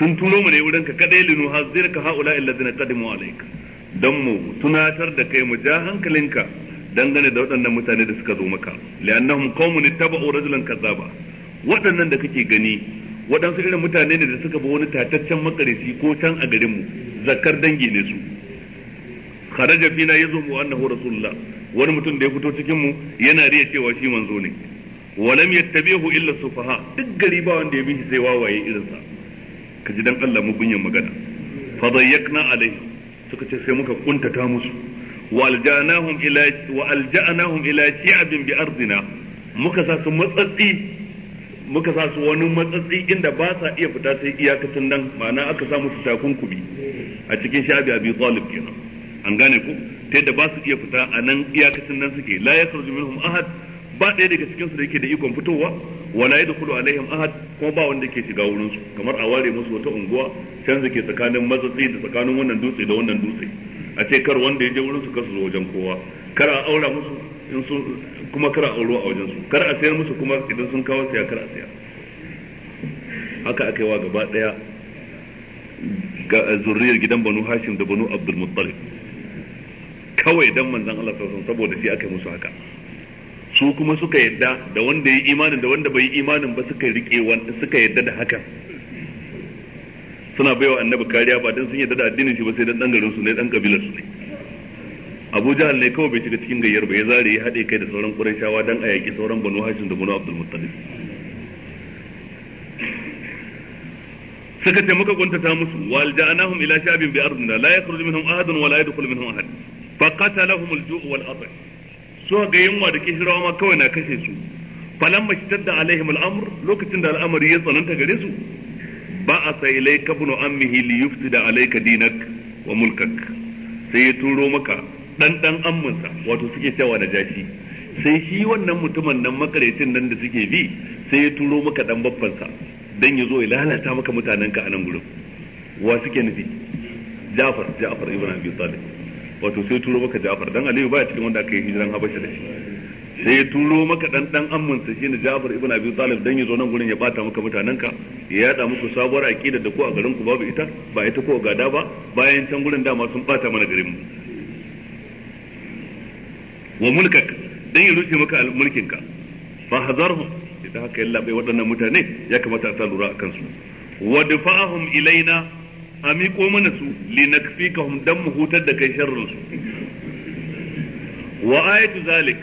sun turo mu ne wurin ka kadai linu ka haula illazina qadimu alayka dan mu tunatar da kai mu ja hankalinka dangane da waɗannan mutane da suka zo maka li'annahum qaumun ittaba'u rajulan kazzaba waɗannan da kake gani waɗansu irin mutane ne da suka bi wani tataccen makarisi ko can a garin mu zakar dangi ne su kharaja fina mu annahu rasulullah wani mutum da ya fito cikin mu yana riya cewa shi manzo ne walam yattabihu illa sufaha duk gari ba wanda ya bi sai wawaye irinsa ka ji dan Allah mu bunyan magana fa dayyakna alai suka ce sai muka kuntata musu wa aljanahum ila wa aljanahum ila shi'abin bi ardina muka sa su matsatsi muka sa su wani matsatsi inda ba sa iya fita sai iyakacin nan ma'ana aka sa musu takunkumi a cikin sha'abi abi talib kenan an gane ku ta yadda ba su iya fita a nan iyakacin nan suke la yakhruju minhum ahad ba ɗaya daga cikin su da yake da ikon fitowa wala a alaihim ahad kuma ba wanda ke shiga wurin su kamar a ware musu wata unguwa can ke tsakanin matsatsi da tsakanin wannan dutse da wannan dutse a ce kar wanda ya je wurin su kasu zo wajen kowa kar a aura musu in sun kuma kar a auro a wajen su kar a sayar musu kuma idan sun kawo saya kar a saya haka aka yi wa gaba ɗaya ga eh, zurriyar gidan banu hashim da banu abdul muttalib kawai dan manzon Allah sallallahu alaihi wasallam saboda shi aka yi musu haka su kuma suka yadda da wanda yi imanin da wanda bai yi imanin ba suka rike wanda suka yadda da hakan suna baiwa annabi kariya ba dan sun yadda da addinin shi ba sai dan dan garin su ne dan kabilar su ne Abu Jahal ne kawai bai shiga cikin gayyar ba ya zare ya haɗe kai da sauran Qurayshawa dan a yaki sauran Banu Hashim da Banu Abdul Muttalib suka ce muka kuntata musu wal ja'anahum ila sha'bin bi ardina la yakhruju minhum ahadun wa la yadkhulu minhum ahad fa qatalahum al-ju' wal 'atsh so ga yunwa da kishirawa ma kawai na kashe su falan mashitar da alaihim al'amur lokacin da al'amari ya tsananta gare su ba a sa ilai an mihi li da alayka dinak wa mulkak sai ya turo maka dan dan amminsa wato suke cewa da jashi sai shi wannan mutumin nan makarecin nan da suke bi sai ya turo maka dan babbansa dan ya zo ya lalata maka mutanenka a nan gurin wa suke nufi Jafar Jafar Ibrahim Abi Talib wato sai turo maka Ja'far dan Aliyu baya cikin wanda aka yi hijiran Habasha da shi sai ya turo maka dan dan amminsa shine Ja'far ibn Abi Talib dan ya zo nan gurin ya bata maka mutanenka ya yada muku sabuwar aqida da ko a garin ku babu ita ba ita ko gada ba bayan can gurin dama sun bata mana garin mu wa mulkak dan ya rufe maka mulkin ka fa hazarhu idan haka yalla bai waɗannan mutane ya kamata a sa lura akan su wa dafa'ahum ilaina a miƙo mana su linakfikahum dan mu hutar da kai sharrin su wa ayatu zalik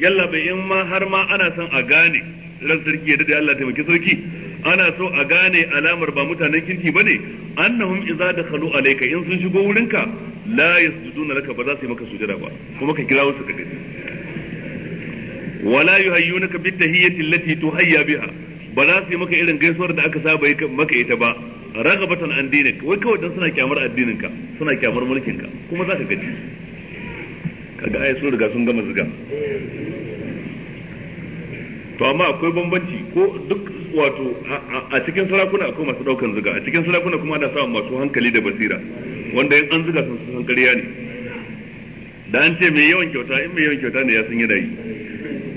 yalla bai in ma har ma ana son a gane ran sarki ya da Allah taimaki sarki ana so a gane alamar ba mutanen kirki bane annahum idza dakhalu alayka in sun shigo wurinka la yasjuduna laka ba za su yi maka sujada ba kuma ka kira su ka gani wala yuhayyunaka bitahiyyati allati tuhayya biha ba za su yi maka irin gaisuwar da aka saba maka ita ba ragabatan an ka wai kawai dan suna kyamar addinin ka suna kyamar mulkin ka kuma ka gaji kaga ai sun riga sun gama zuga to amma akwai bambanci ko duk wato a cikin sarakuna akwai masu daukan zuga a cikin sarakuna kuma ana samun masu hankali da basira wanda in an zuga sun san kariya ne da an ce mai yawan kyauta in mai yawan kyauta ne ya san yana yi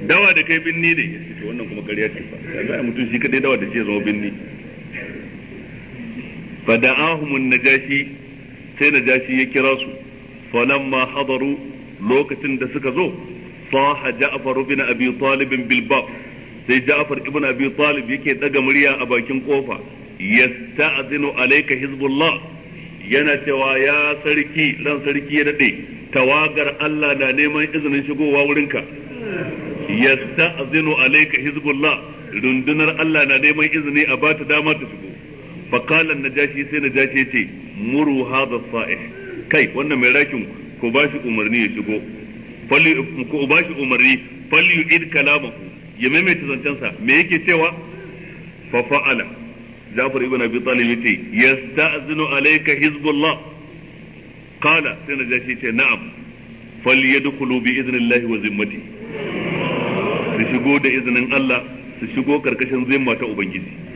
dawa da kai binni ne wannan kuma kariya ce fa za a mutum shi kadai dawa da ce zama binni Bada فدعاهم النجاشي sai najashi ya kira su falamma hadaru lokacin da suka zo saha ja'far ibn abi talib bil bab sai ja'far ibn abi talib yake ɗaga murya a bakin kofa yasta'zinu alayka hizbullah yana cewa ya sarki ran ya daɗe, tawagar Allah na neman izinin shigowa wurinka yasta'zinu alayka hizbullah rundunar Allah na neman izini a bata dama ta shigo na jashi sai na najashi ce muru hadha sa'ih kai wannan mai rakin ku bashi umarni ya shigo falli ku bashi umarni falli yu'id kalamahu ya maimaita zancensa me yake cewa fa fa'ala Jafar ibn Abi Talib yace yasta'zinu alayka hizbullah qala sai na jashi ce na'am falyadkhulu bi idnillahi wa zimmati su shigo da izinin Allah su shigo karkashin zimma ta ubangiji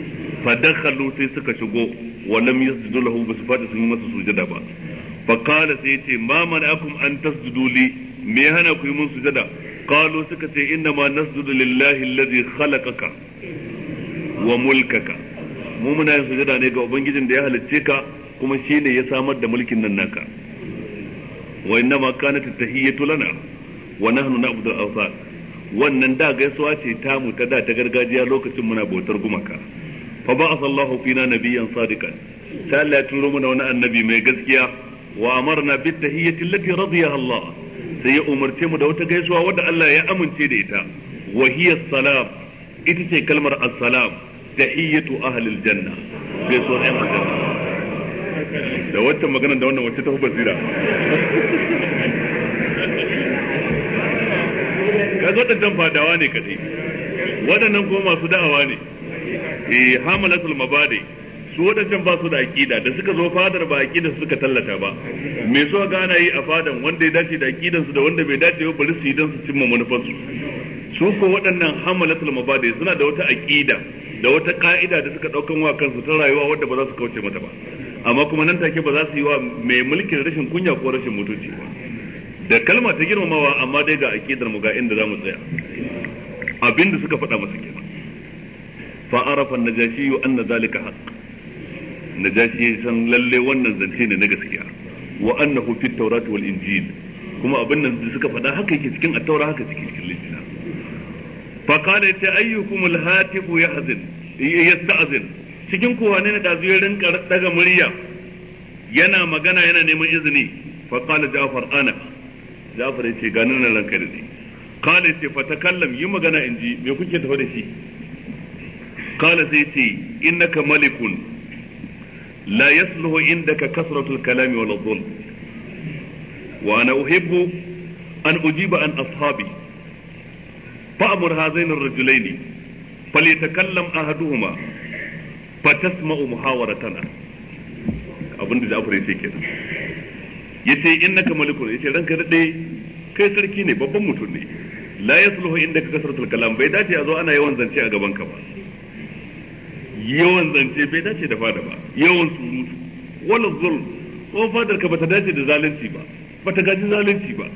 fa dakhalu sai suka shigo wa lam yasjudu lahu bi sifati sun masa sujada ba fa qala sai yace ma man'akum an tasjudu li me hana ku yi mun sujada qalu suka ce inna ma nasjudu lillahi alladhi khalaqaka wa mulkaka mu muna yin sujada ne ga ubangijin da ya halicce ka kuma shine ya samar da mulkin nan naka wa inna ma kanat tahiyatu lana wa nahnu na'budu al-awthan wannan da gaisuwa ce tamu ta da ta gargajiya lokacin muna bautar gumaka fa ba'atha Allahu fina nabiyyan sadiqan sai Allah ya turo mana wani annabi mai gaskiya wa amarna bit tahiyyati allati radiyaha Allah sai ya umarce mu da wata gaisuwa wadda Allah ya amince da ita wa hiya salam ita ce kalmar assalam tahiyyatu ahli aljanna gaisuwar ɗan aljanna da magana da wannan wacce ta basira waɗannan fadawa ne kadai waɗannan kuma masu da'awa ne eh hamalatul mabadi su wadancan ba su da aqida da suka zo fadar ba aqida suka tallata ba me so gana yi a fadan wanda ya dace da aqidan su da wanda bai dace ba bari su yi dan su cimma manufar su su ko waɗannan hamalatul mabadi suna da wata aqida da wata ka'ida da suka daukan wa kansu ta rayuwa wadda ba za su kauce mata ba amma kuma nan take ba za su yi wa mai mulkin rashin kunya ko rashin mutunci ba da kalma ta girmamawa amma dai ga aqidar mu ga inda za mu tsaya abinda suka faɗa masa kenan fa arafa najashi anna zalika haqq najashi san lalle wannan zance ne na gaskiya wa annahu fit tawrat kuma abin nan da suka faɗa haka yake cikin at-taura haka cikin injila fa ayyukum cikin kowa ne da zuwa rinka daga murya yana magana yana neman izini fa qala ja'far ana ja'far yace ganin nan ranka da ni qala yace fa takallam yi magana inji me kuke tafa da shi qala sai ce innaka malikun la yasluhu indaka kasratul kalami wal dhulm wa ana uhibbu an ujiba an ashabi fa'mur hazain ar-rajulaini falyatakallam ahaduhuma fatasma'u Ja'far yace kenan yace innaka malikun yace ranka dade kai sarki ne babban mutum ne la yasluhu indaka kasratul kalam bai dace a zo ana yawan zance a gaban ka ba yawan zance bai dace da fada ba yawan surutu wala zulm ko fadar ka bata dace da zalunci ba bata gaji zalunci ba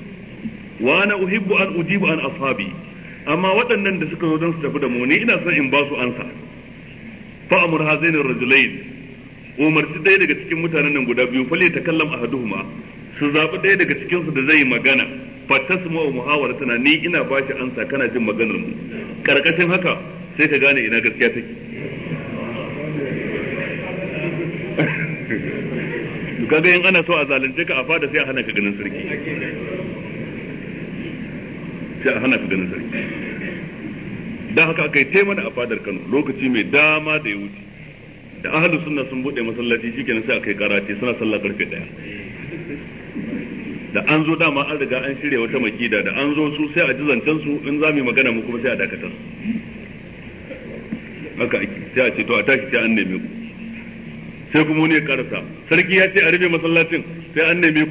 wa ana uhibbu an ujibu an ashabi amma waɗannan da suka zo don su tafi da mu ne ina son in ba su ansa fa amur hazainir rajulain umarci ɗaya daga cikin mutanen nan guda biyu fali ta kallam ahaduhuma su zaɓi ɗaya daga cikin su da zai yi magana fa wa muhawara tana ni ina ba shi ansa kana jin maganar mu karkashin haka sai ka gane ina gaskiya take kaga yin ana so a zalunce ka a fada sai a hana ka ganin sarki sai a hana ka ganin sarki da haka aka yi taimana a fadar Kano lokaci mai dama da ya wuce da ahalus suna sun bude masallaci kenan sai aka yi karate suna sallah karfe daya da an zo dama an riga an shirya wata makida da an zo su sai a ji zancen su in za mu magana mu kuma sai a dakatar haka sai a ce to a tashi sai an neme ku sai kuma wani ya karasa sarki ya ce a rufe masallacin sai an neme ku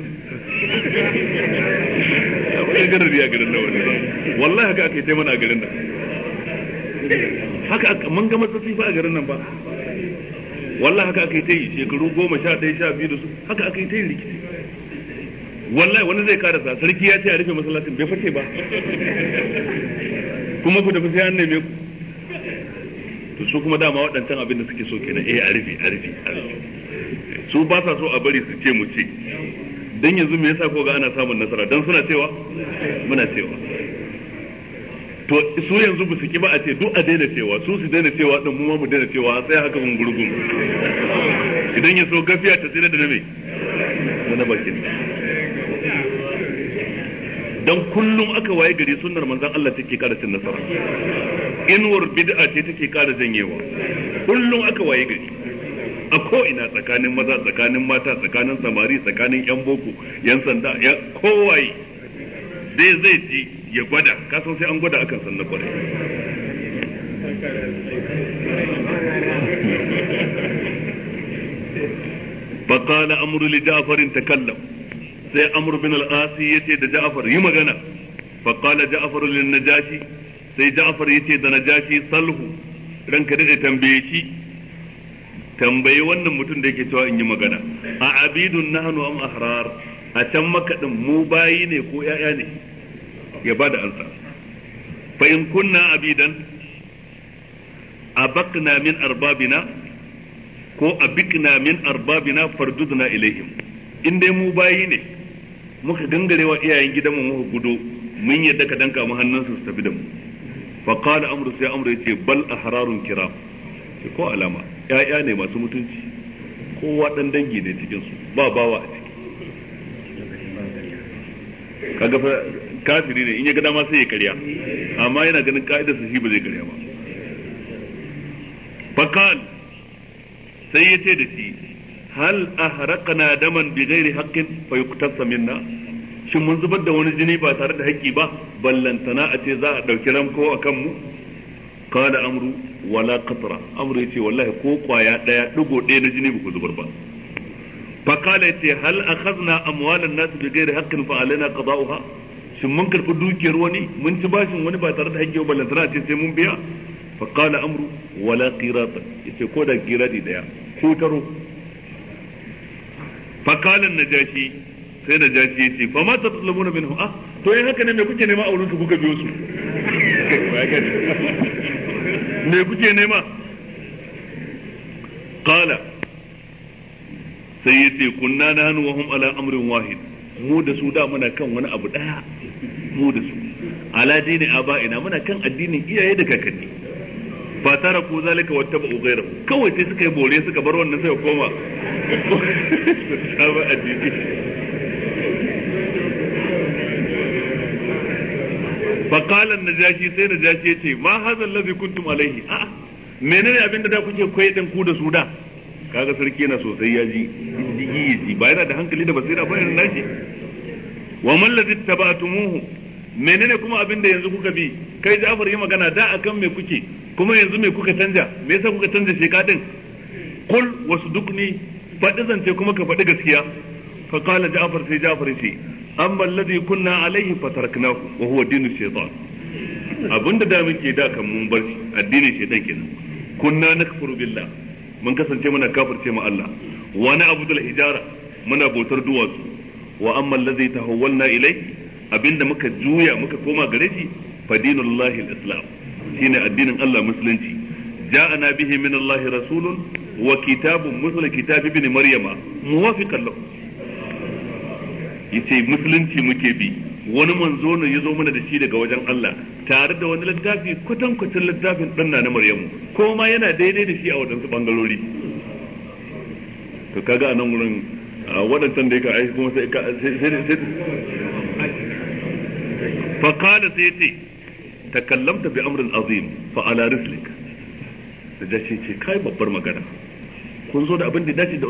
akwai garin wani wallahi haka aka yi taimana a garin nan haka mun ga matsatsi ba a garin nan ba wallahi haka aka yi ta yi shekaru goma sha ɗaya sha biyu da su haka aka yi ta yi rikici wallahi wani zai karasa sarki ya ce a rufe masallacin bai fashe ba kuma ku tafi sai an neme ku to su kuma dama waɗancan abin da suke so kenan eh a rufe a rufe a rufe su ba sa so a bari su ce mu ce dan yanzu me yasa ko ga ana samun nasara dan suna cewa muna cewa to su yanzu ba su ki ba a ce duk a daina cewa su su daina cewa din mu ma mu daina cewa sai haka mun gurgun idan ya so gafiya ta tsira da nabi na bakin dan kullum aka waye gari sunnar manzon Allah take karatun cin nasara inuwar bid'a ce take kara janyewa kullum aka waye gari a ko ina tsakanin maza tsakanin mata tsakanin samari tsakanin yan boko yan sanda ya kowaye dai zai ji ya gwada kasan sai an gwada akan sannan kwarai فقال أمر لجعفر تكلم سي أمر بن الآسي يتي جعفر يمغنا فقال جعفر للنجاشي sai Ja'far yace da Najashi salhu ranka da tambaye shi tambaye wannan mutum da yake cewa in yi magana a abidun nahnu am ahrar a can din mu bayi ne ko ‘ya'ya ne ya ba da ansa fa in kunna abidan abaqna min arbabina ko abikna min arbabina fardudna ilaihim in dai mu bayi ne muka gangarewa iyayen gidanmu muka gudo mun yadda ka danka mu hannunsu su tafi da mu fa qala amru sai amru yace bal ahrarun kiram ko alama ƴaƴa ne masu mutunci kowa dan dangi ne cikin su ba bawa a ciki kaga fa kafiri ne in ya ga dama sai ya karya amma yana ganin ka'idarsa shi ba zai karya ba fa sai ya ce da shi hal ahraqna daman bi ghairi haqqin fa yuqtasa minna shin mun zubar da wani jini ba tare da haƙƙi ba ballantana a ce za a ɗauki ramko a kanmu kada amru wala qatra amru yace wallahi ko kwaya daya digo daya na jini ku zubar ba fa kala yace hal akhadna amwalan nas bi ghairi haqqin fa alaina qada'uha shin mun karfi dukiyar wani mun ci bashin wani ba tare da haƙƙi ba lantana ce sai mun biya fa kala amru wala qirata yace ko da qiradi daya ko taro fa kala najashi sai da jashi ya ce fa ma ta tsallamuna minhu ah to yin haka ne me kuke nema auren su kuka biyo su [LAUGHS] me kuke nema qala sai ya ce kunna na hannu wahum ala amrin wahid mu da su da muna kan wani abu daya mu da su ala dini ina muna kan addinin iyaye da kakanni ba tara ko zalika wata ba ugaira kawai sai suka yi bore suka bar wannan sai koma [LAUGHS] sabon addini faqala najashi sai najashi yace ma hadha allazi kuntum alaihi a menene abin da da kuke koyi din ku da su da kaga sarki yana sosai ya ji ji ba yana da hankali da basira ba yana nashi wa man allazi tabatumuhu menene kuma abin da yanzu kuka bi kai Ja'far yi magana da akan me kuke kuma yanzu me kuka canja me yasa kuka canja sheka din kul wasu dukni faɗi zance kuma ka faɗi gaskiya fa qala Ja'far sai Ja'far ce amma alladhi kunna alaihi fataraknahu wa huwa dinu shaytan Abunda da muke da kan mun bar addinin shaytan kenan kunna nakfuru billah mun kasance muna kafirce ma Allah wa na abudul hijara muna bautar duwatsu wa amma alladhi tahawwalna ilai abinda muka juya muka koma gare shi fadinullahi alislam shine addinin Allah musulunci ja'ana bihi min Allah rasulun wa kitabun musul kitab ibn maryama muwafiqan lahu yace musulunci muke bi wani manzo ne yazo mana da shi daga wajen Allah tare da wani littafi kwatan kwatan littafin dan na Maryamu ko ma yana daidai da shi a wadansu bangalori to kaga anan gurin wadancan da yake aiki kuma sai sai fa qala sai yace takallamta bi amrin azim fa ala rislik da ce ce kai babbar magana kun zo da abin da dace da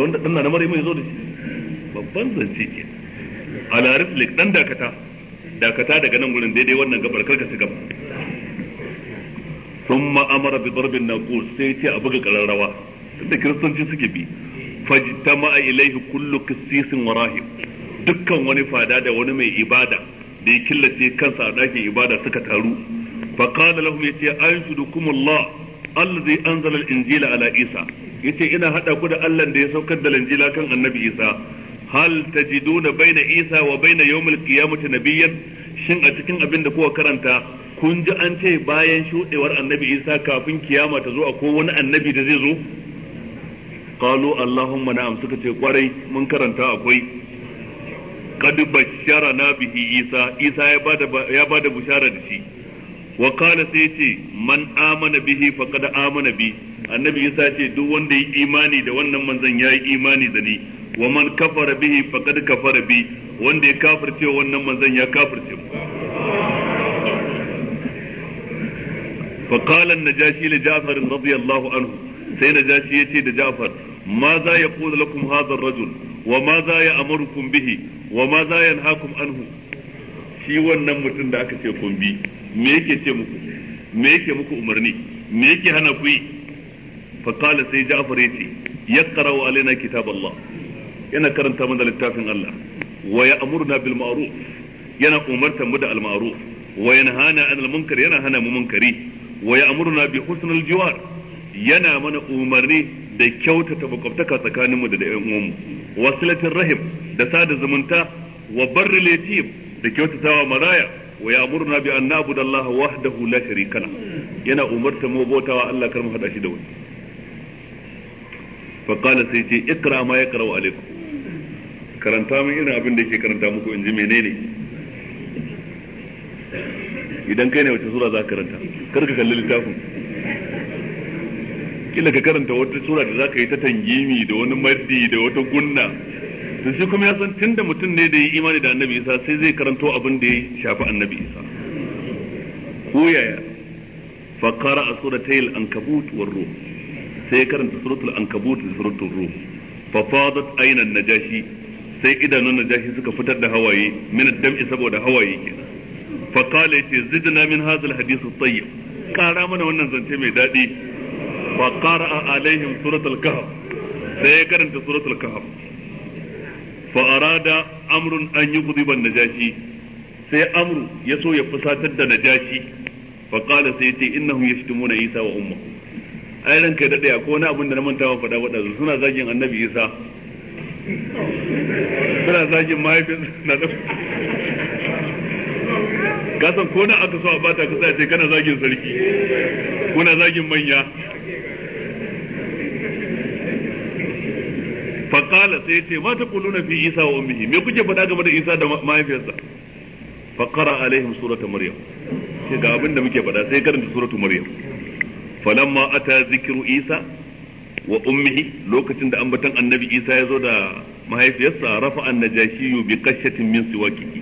wanda dan na Maryamu yazo da shi babban zance ke ala riflik dan dakata dakata daga nan gurin daidai wannan gabar karka su gaba thumma amara bi darbin naqus sai ce a buga kararrawa tunda kiristanci suke bi ma'a ilaihi kullu kisisin wa dukkan wani fada da wani mai ibada da ya killace kansa a ɗakin ibada suka taru fa lahum yati anshudukum Allah allazi anzala al-injila ala Isa yace ina hada ku da Allah da ya saukar da injila kan annabi Isa hal tajiduna baina isa wa baina yawmil qiyamati nabiyyan shin a cikin abin da kuka karanta kun ji an ce bayan shudewar annabi isa kafin kiyama ta zo a ko wani annabi da zai zo qalu allahumma na'am suka ce kwarai mun karanta akwai qad basharana bihi isa isa ya bada ya bada bushara da shi wa qala ce man amana bihi faqad amana bi annabi isa ce duk wanda ya imani da wannan manzon yayi imani da ni wa man kafara bihi faqad kafara bi wanda ya kafirce wannan manzon ya kafirce mu fa qala an-najashi li Ja'far radiyallahu anhu sai najashi yace da Ja'far ma za ya qulu lakum hadha ar-rajul wa ma za ya amurukum bihi wa ma za yanhaakum anhu shi wannan mutum da aka ce kun bi me yake ce muku me umarni me yake hana ku yi Ja'far yace yaqra'u alaina kitab yana karanta mana littafin Allah wa ya'muruna bil ma'ruf yana umartar mu da al ma'ruf wa yanhana 'anil munkar yana hana mu munkari wa ya amurna bi husnil jiwar yana mana umarni da kyautata makwabtaka tsakanin mu da da uwanmu wa silatir rahim da sada zumunta wa barril yatim da kyautatawa maraya wa ya'muruna bi an na'budu Allah wahdahu la sharika lahu yana umartar mu bautawa Allah kar mu hada shi da wani fa qala sai ce ikra ma yaqra'u karanta min irin abin da yake karanta muku in ji menene idan kai ne wata sura za ka karanta kar ka kalli littafin kila ka karanta wata sura da za ka yi ta tangimi da wani maddi da wata gunna to shi kuma ya san tunda mutum ne da ya imani da annabi isa sai zai karanto abin da ya shafi annabi isa ko yaya fa qara'a suratul ankabut war ruh sai karanta suratul ankabut da suratul ruh fa fadat ayna najashi sai idanun najashi suka fitar da hawaye min dam'i saboda hawaye kenan fa qala yace zidna min hadha alhadith at-tayyib kara mana wannan zance mai dadi fa qara'a alaihim suratul kahf sai ya karanta suratul kahf fa arada amrun an yughdiba an-najashi sai amru ya so ya fusatar da najashi fa qala sai yace innahum yashtumuna isa wa ummuhu ai ranka da daya ko wani abin da na manta wa faɗa faɗa suna zagin annabi isa Bana zagin mahaifin na da kasan ko nan aka so a bata kasa ce kana zagin sarki kuna zagin manya faƙala sai ce mata ta kuluna fi isa wa ummihi me kuke faɗa game da isa da mahaifiyarsa faƙara alaihim surata maryam sai ga abin da muke faɗa sai karanta suratu maryam falamma ata zikiru isa wa ummihi lokacin da ambaton annabi isa ya zo da mahaifiyarsa rafa an najashi bi kashatin min siwakiki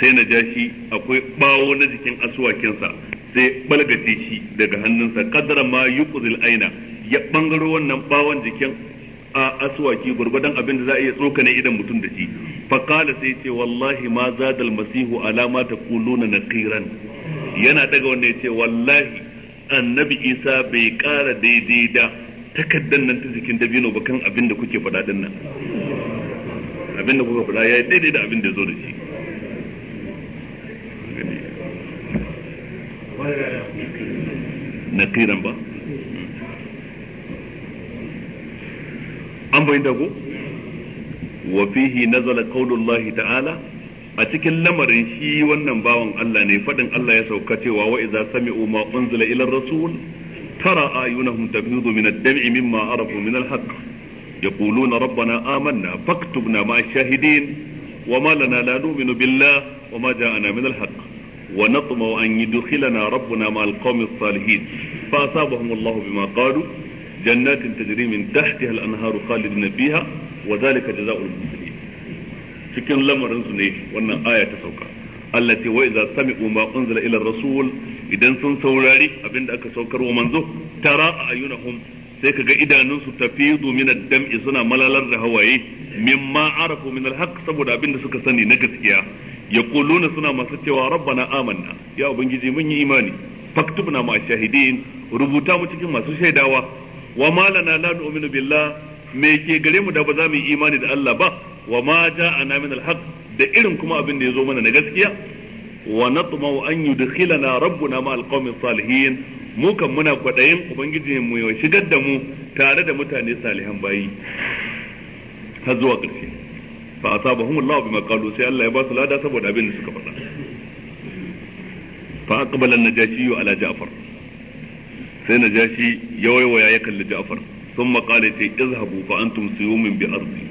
sai na najashi akwai bawo na jikin asuwakinsa sai balgace shi daga hannunsa kadara ma yuqzil aina ya bangaro wannan bawon jikin a aswaki gurgudan abin da za a iya tsokane idan mutum da shi fakala sai ce wallahi ma zadal alama ta Kuluna na kiran. yana daga wanda ya ce wallahi annabi isa bai kara daidai da takaddan nan ta jikin dabino ba kan abin da kuke faɗa din nan abin da kuka faɗa ya yi daidai da abin da zo da shi na kiran ba an bai dago wa fihi nazala qaulullahi ta'ala a cikin lamarin shi wannan bawan Allah ne faɗin Allah ya sauka cewa wa idza sami'u ma unzila ila rasul ترى أعينهم تفيض من الدمع مما عرفوا من الحق يقولون ربنا آمنا فاكتبنا مع الشاهدين وما لنا لا نؤمن بالله وما جاءنا من الحق ونطمع أن يدخلنا ربنا مع القوم الصالحين فأصابهم الله بما قالوا جنات تجري من تحتها الأنهار خالدين فيها وذلك جزاء المحسنين cikin lamarinsu ne wannan aya ta sauka allati wa idza sami'u ma unzila ila rasul idan sun saurari abin da aka saukar wa manzo tara a ayyunahum sai kaga idanunsu tafidu min ad-dam'i suna malalar da hawaye mimma arafu min al saboda abin da suka sani na gaskiya kuluna suna masu cewa rabbana amanna ya ubangiji mun yi imani faktubna ma shahidin rubuta mu cikin masu shaidawa wa malana la nu'minu billah me ke gare mu da ba za mu yi imani da Allah ba wa ma ja'ana min al-haq da irin kuma abin da ya zo mana na gaskiya wa natma'u an yudkhilana rabbuna ma alqawmi salihin mu kan muna kwadayin ubangiji mu ya shigar da mu tare da mutane salihan bayi har zuwa ƙarshe fa asabahum Allah bima qalu sai Allah ya ba su lada saboda abin da suka faɗa fa aqbala an wa ala Ja'far sai najashi ya waiwaya ya kalli Ja'far thumma qala ta izhabu fa antum suyumin bi arzi.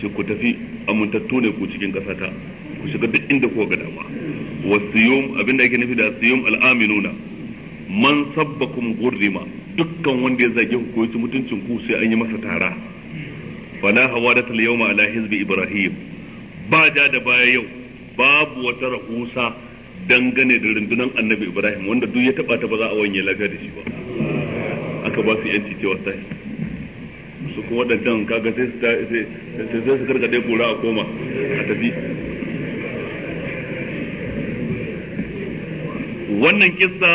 shi ku tafi amintattu ne ku cikin ƙasata ku shiga duk inda kuka ga dama wasiyum abinda ake nufi da siyum al'aminuna man sabbakum gurrima dukkan wanda ya zage ku koyi mutuncin ku sai an yi masa tara fala hawadat al yawma ala hizbi ibrahim ba da da baya yau babu wata rahusa dangane da rundunar annabi ibrahim wanda duk ya taba ta ba za a wanye laga da shi ba aka ba su yanci cewa sai su kuma waɗancan kaga sai su karkaɗe kura a koma a tafi wannan kissa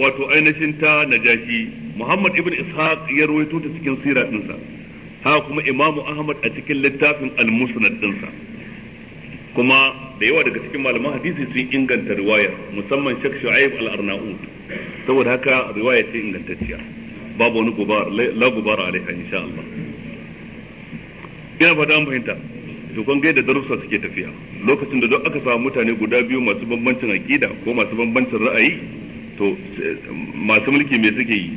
wato ainihin ta najashi muhammad ibn ishaq ya rawaito ta cikin sira dinsa ha kuma imamu ahmad a cikin littafin al-musnad dinsa kuma da yawa daga cikin malaman hadisi sun inganta riwaya musamman shek shu'aib al-arnaud saboda haka riwaya ce ingantacciya babu wani gubara la gubara alaiha insha Allah ina fata an fahimta to kun da darussa suke tafiya lokacin da duk aka samu mutane guda biyu masu bambancin aqida ko masu bambancin ra'ayi to eh, masu mulki me suke yi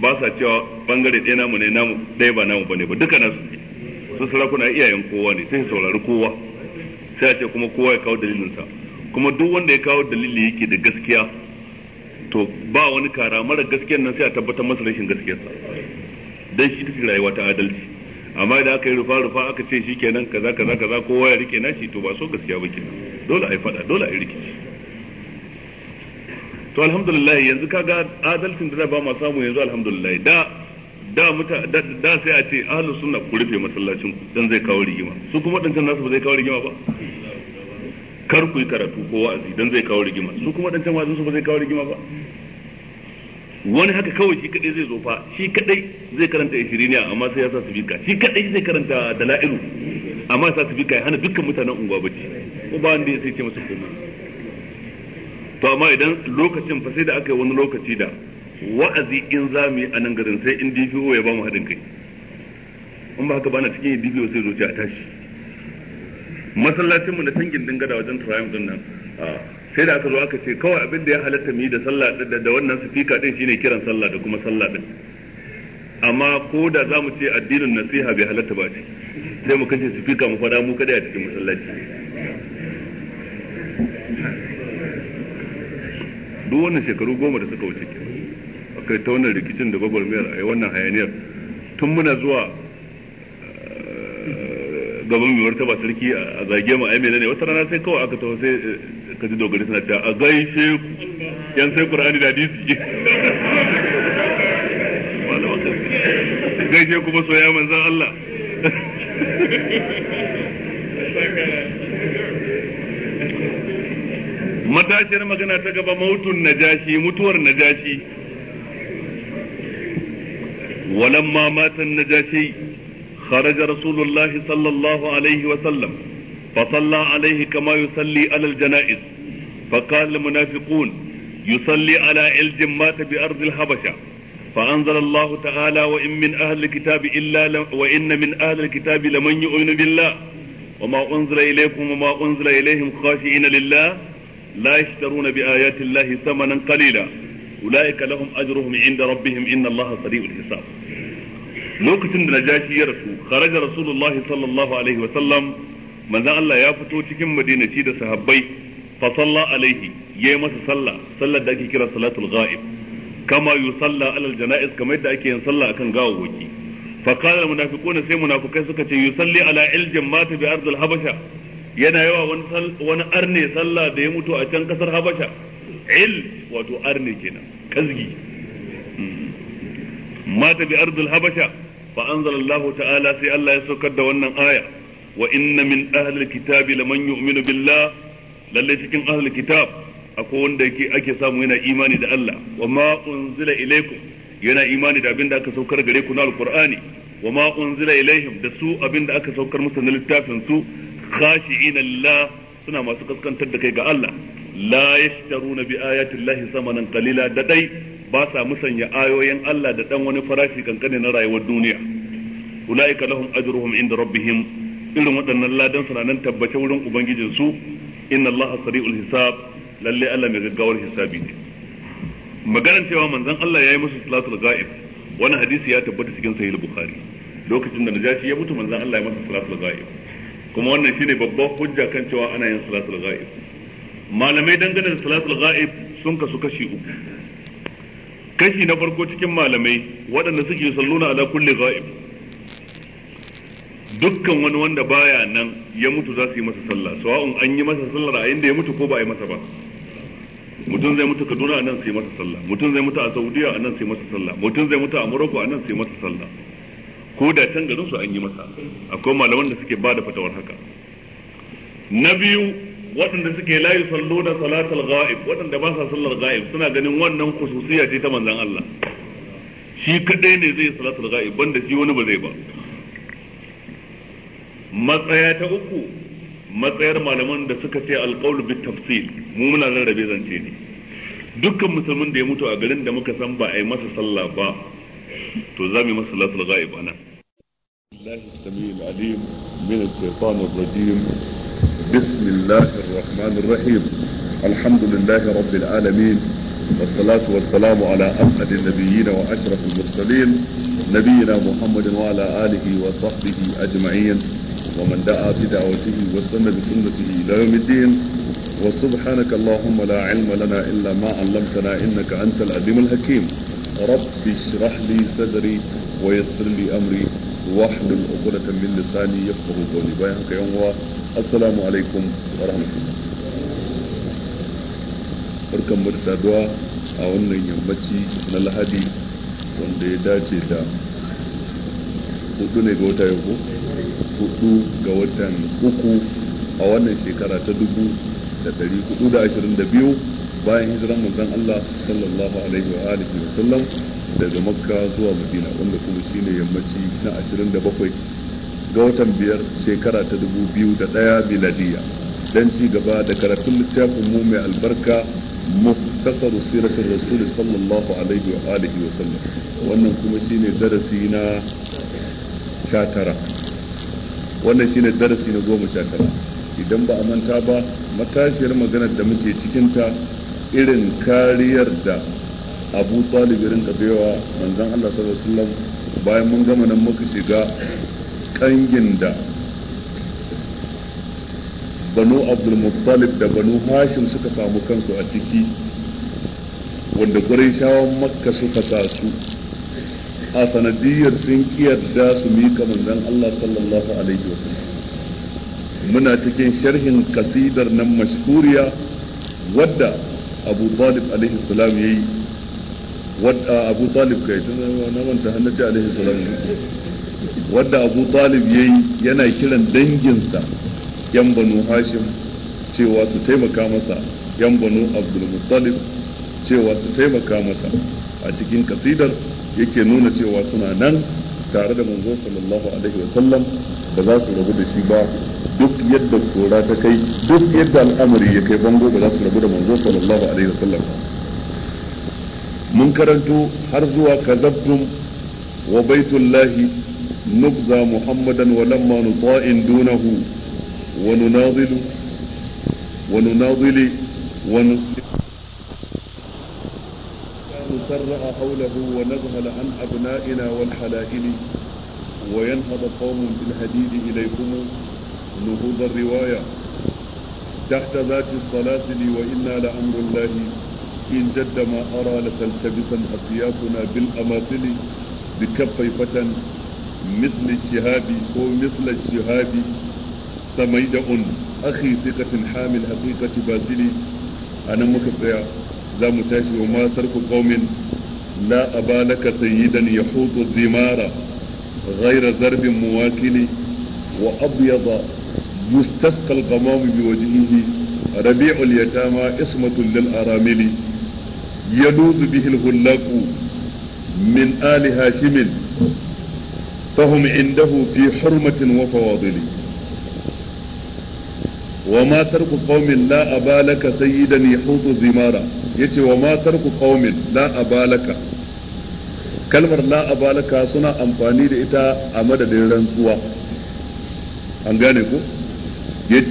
ba sa cewa bangare ɗaya namu ne namu ɗaya ba namu bane ba duka nasu su sarakuna iyayen kowa ne sai su saurari kowa sai a ce kuma kowa ya kawo dalilinsa kuma duk wanda ya kawo dalili yake da gaskiya to ba wani kara mara gaskiyar nan sai a tabbatar masa rashin gaskiyarsa dan shi take rayuwa ta adalci amma da aka yi rufa rufa aka ce shi kenan kaza kaza kaza kowa ya rike nashi to ba so gaskiya ba kenan dole a yi fada dole a yi rikici to alhamdulillah yanzu kaga adalcin da ba ma samu yanzu alhamdulillah da da muta da, da sai a ce ahlu sunna ku rufe masallacin ku dan zai kawo rigima su kuma can nasu ba zai kawo rigima ba kar ku yi karatu ko wa'azi dan zai kawo rigima su kuma can wa'azin su ba zai kawo rigima ba wani haka kawai shi kadai zai zo fa shi kadai zai karanta ishiriniya amma sai ya sa sifika shi kadai zai karanta dala'ilu amma sa sifika ya hana dukkan mutanen unguwa bace ko ba wanda ya sai ce masa komai to amma idan lokacin fa sai da aka yi wani lokaci da wa'azi in za mu yi a nan garin sai in DPO ya ba mu haɗin kai in ba haka ba na cikin DPO sai a tashi masallacinmu na tangin gada wajen Triumph din nan ah, sai da aka zo aka ce kawai abin da ya halatta mu yi da sallah da wannan sifika din shine kiran sallah da kuma sallah din amma ko da za mu ce addinin nasiha bai halatta ba ce sai mu kace sifika mu fada mu kada a cikin masallaci duk wannan shekaru goma da suka wuce akai ta wannan rikicin da gwagwarmayar a yi wannan hayaniyar tun muna zuwa eh, gaban mai martaba sarki a zage mu ai ne wata rana sai kawai aka taho sai eh, ka ji dogari suna cewa a gaishe ku yan sai qur'ani da hadisi gaishe manzon Allah matashiyar magana ta gaba mautun najashi mutuwar najashi ولما مات النجاشي خرج رسول الله صلى الله عليه وسلم فصلى عليه كما يصلي على الجنائز فقال المنافقون يصلي على إلج مات بأرض الحبشة فأنزل الله تعالى وإن من أهل الكتاب إلا لم وإن من أهل الكتاب لمن يؤمن بالله وما أنزل إليكم وما أنزل إليهم خاشعين لله لا يشترون بآيات الله ثمنا قليلا أولئك لهم أجرهم عند ربهم إن الله سريع الحساب lokacin da najashi ya rasu kharaja rasulullahi sallallahu alaihi wa sallam manzo Allah ya fito cikin madina da sahabbai fa salla alaihi yayi masa sallah sallar da ake kira salatul ghaib kama yusalla alal janaiz kamar yadda ake yin sallah akan gawawwaki fa qala al munafiquna sai munafikai suka ce yusalli ala iljin mata bi ardil habasha yana yawa wani wani arne sallah da ya mutu a can kasar habasha il wato arne kenan kazgi mata bi ardil habasha fa Allah ta'ala sai Allah ya saukar da wannan aya wa inna min ahlil kitabi laman yu'minu billah lallai cikin ahlul kitab akwai wanda yake ake samu yana imani da Allah wa ma unzila ilaikum yana imani da abin da aka saukar gare ku na alqur'ani wa ma unzila ilaihim da su abin da aka saukar musu na littafin su khashi'ina lillah suna masu kaskantar da kai ga Allah la yashtaruna bi ayati llahi samanan qalila da dai ba sa musanya ayoyin Allah da dan wani farashi kankane na rayuwar duniya ulaika lahum ajruhum inda rabbihim irin waɗannan ladan suna nan tabbace wurin su. inna Allah sari'ul hisab lalle Allah mai gaggawar hisabi ne maganar cewa manzon Allah yayi musu salatul ghaib wani hadisi ya tabbata cikin sahih bukhari lokacin da najashi ya mutu manzon Allah ya masa salatul ghaib kuma wannan shine babban hujja kan cewa ana yin salatul ghaib malamai dangane da salatul ghaib sun kasu kashi uku kashi na farko cikin malamai waɗanda suke salluna ala kulli ghaib dukkan wani wanda baya nan ya mutu za su yi masa sallah sawa'un an yi masa sallar a inda ya mutu ko ba a yi masa ba mutum zai mutu Kaduna a nan su yi masa sallah mutum zai mutu a Saudiya a nan su yi masa sallah mutum zai mutu a Morocco a nan su yi masa sallah ko da can garin su an yi masa akwai malaman da suke bada fatawar haka na biyu waɗanda suke sallo da salatal ghaib waɗanda ba sa sallar ghaib suna ganin wannan khususiyya ce ta manzon Allah shi kadai ne zai salatul ghaib banda shi wani ba zai ba matsaya ta uku matsayar malaman da suka ce alqaul bit tafsil mu muna rarrabe zance ne dukkan musulmin da ya mutu a garin da muka san ba a yi masa sallah ba to za mu yi masa salatul ghaib anan الله السميع العليم من الشيطان الرجيم بسم الله الرحمن الرحيم الحمد لله رب العالمين والصلاة والسلام على أسعد النبيين وأشرف المرسلين نبينا محمد وعلى آله وصحبه أجمعين ومن دعا بدعوته واستنى بسنته الى يوم الدين وسبحانك اللهم لا علم لنا الا ما علمتنا انك انت العليم الحكيم رب اشرح لي صدري ويسر لي امري واحلل عقدة من لساني يفقه قولي بايعك يوم السلام عليكم ورحمه الله barkan mu da saduwa a wannan yammaci na lahadi wanda ya dace da hudu ne ga wata yau hudu ga watan uku a wannan shekara ta dubu da dari hudu da ashirin da biyu bayan hijiran manzon Allah sallallahu alaihi wa alihi wa sallam daga makka zuwa madina wanda kuma shine yammaci na ashirin da bakwai ga watan biyar shekara ta dubu biyu da ɗaya miladiya dan ci gaba da karatun littafin mu mai albarka muftasaru siratul rasul sallallahu alaihi wa alihi wa sallam wannan kuma shine darasi na sha tara wannan shine darasi na goma sha idan ba a manta ba matashiyar maganar da muke cikinta irin kariyar da abu talib irin kabewa manzan allah sallallahu bayan mun gama nan muka shiga kangin da banu abdulmuttalib da banu hashim suka samu kansu a ciki wanda gurin shawon makka suka sa su a sanadiyar sun kiyarda su mika manzon Allah sallallahu alaihi wasallam muna cikin sharhin kasidar nan mashhuriya wadda Abu Talib alaihi salam yayi wadda Abu Talib kai na manta hannace alaihi salam wadda Abu Talib yayi yana kiran danginsa yan banu Hashim cewa su taimaka masa yan banu Abdul Muttalib cewa su taimaka masa a cikin kasidar yake nuna cewa suna nan tare da manzo sallallahu alaihi wa sallam ba za su rabu da shi ba duk yadda kora ta kai duk yadda al'amari ya kai bango ba za su rabu da manzo sallallahu alaihi wa sallam mun karanto har zuwa kazabtum wa baitullahi nubza muhammadan wa lamma nuta'in dunahu wa nunadilu wa nunadili wa nuslimu نتسرع حوله ونذهل عن أبنائنا والحلائل وينهض قوم بالحديد إليكم نهوض الرواية تحت ذات السلاسل وإنا لأمر الله إن جد ما أرى لتلتبسا أطيافنا بالأماثل بكفيفة مثل الشهاب مثل الشهاب سميدأ أخي ثقة حامل حقيقة باسلي أنا مكفيا za mu tashi wa matar ku qaumin la abalaka sayyidan yahutu zimara ghayra zarbin muwakili wa abyada يستسقى الغمام بوجهه ربيع اليتامى اسمة للأرامل يلوذ به الهلاك من آل هاشم فهم عنده في حرمة وفواضل وما ترك قوم لا أبا لك سيدا يحوط زمارا yace wa ma ku qaumin la abalaka kalmar la abalaka suna amfani da ita a madadin rantsuwa an gane ku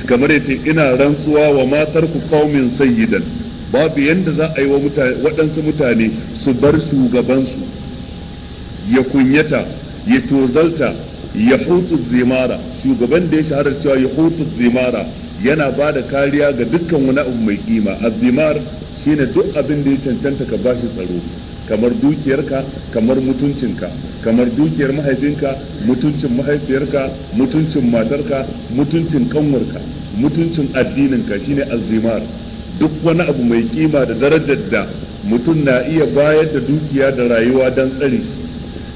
kamar yace ina rantsuwa wa ma ku qaumin sayyidan babu yadda za a yi wa mutane waɗansu mutane su bar shugabansu ya kunyata ya tozalta ya hutu zimara shugaban da ya shahara cewa ya hutu zimara yana ba da kariya ga dukkan wani abu mai kima azimar shine duk abin da ya cancanta ka bashi tsaro kamar dukiyarka kamar mutuncinka kamar dukiyar mahaifinka mutuncin mahaifiyarka mutuncin matarka mutuncin kanwarka mutuncin addininka shine azimar duk wani abu mai kima da darajar da mutum na iya bayar da dukiya da rayuwa don tsari.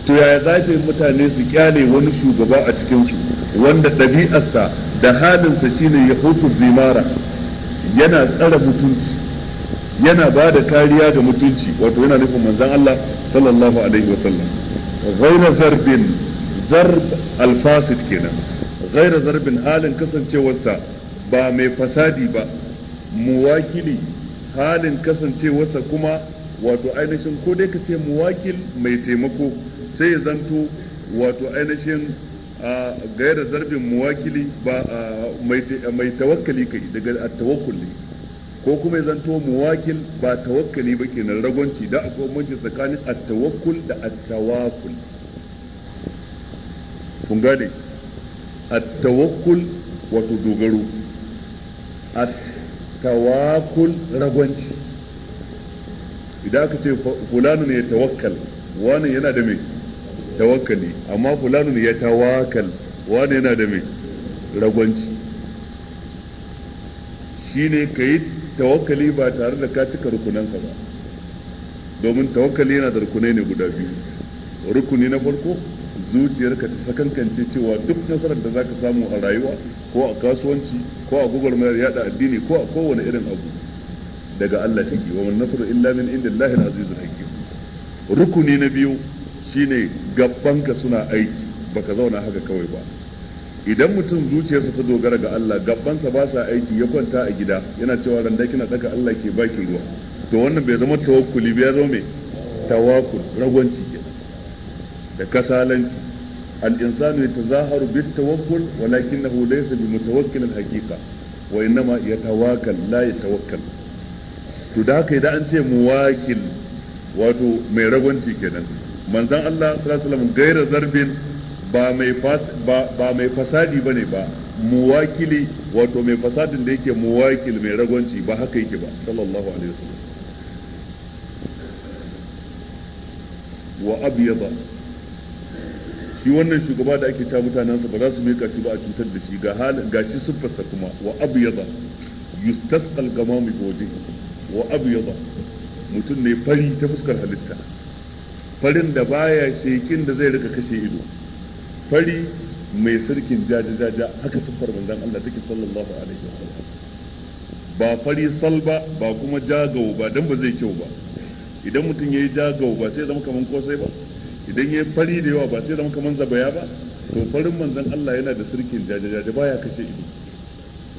to yaya za ta yi mutane su kyale wani shugaba a cikinsu wanda ɗabi'arsa da halinsa shine ya hutu zimara yana tsara mutunci yana ba da kariya da mutunci wato yana nufin manzon Allah sallallahu alaihi wa sallam. ghayra zarbin zarb alfasid kenan ghayra zarbin halin kasancewarsa ba mai fasadi ba muwakili halin kasancewarsa kuma wato ainihin ko dai ka ce muwakil mai taimako sai ya zanto wato ainihin a gaira zarbin muwakili ba mai tawakkali kai daga tawakkuli ko kuma zan zanto muwakil ba tawakkali ba kenan ragwanci da akwai bambanci tsakanin at-tawakkul da at-tawakkul kun gane at-tawakkul wato dogaro at-tawakkul ragwanci idan aka ce fulano ne ya tawakkal wani yana da mai tawakkali amma fulano ne ya tawakkal wani yana da mai ragwanci shine ka yi tawakkali ba tare da ka cika rukunansa ba domin tawakali yana da rukunai ne guda biyu rukuni na farko zuciyarka ta sakankance cewa duk nasarar da zaka samu a rayuwa ko a kasuwanci ko a gwagwarmayar yada addini ko a kowane irin abu daga Allah take wa man nasru illa min indillahi al-azizul hakim rukuni na biyu shine gabbanka suna aiki baka zauna haka kawai ba idan mutum zuciyarsa ta dogara ga Allah gabansa ba sa aiki ya kwanta a gida yana cewa randa kina tsaka Allah ke baki ruwa to wannan bai zama tawakkuli ba ya zama mai tawakkul ragwanci kenan da kasalanci al insanu yatazaharu bit tawakkul walakinahu laysa bi mutawakkil haqiqa wa innama yatawakkal la yatawakkal to da haka idan an ce muwakil wato mai ragwanci kenan manzon Allah sallallahu alaihi wasallam gaira zarbin ba mai ba ne fasadi bane ba muwakili wato mai fasadin da yake muwakil mai ragwanci ba haka yake ba sallallahu alaihi wasallam wa abyada shi wannan shugaba da ake cewa sa ba za su mika shi ba a cutar da shi ga hal ga shi kuma wa abyada yustasqal gamamu bi wajhihi wa abyada mutum ne fari ta fuskar halitta farin da baya shekin da zai rika kashe ido fari mai sirkin jaja-jaja haka siffar manzan Allah take sallallahu alaihi wa sallam ba fari sal ba ba kuma jagau ba dan ba zai kyau ba idan mutum yayi jagau ba sai zama kaman kosai ba idan yayi fari da yawa ba sai zama kaman zabaya ba to farin manzan Allah yana da sirkin jaja-jaja baya kashe ido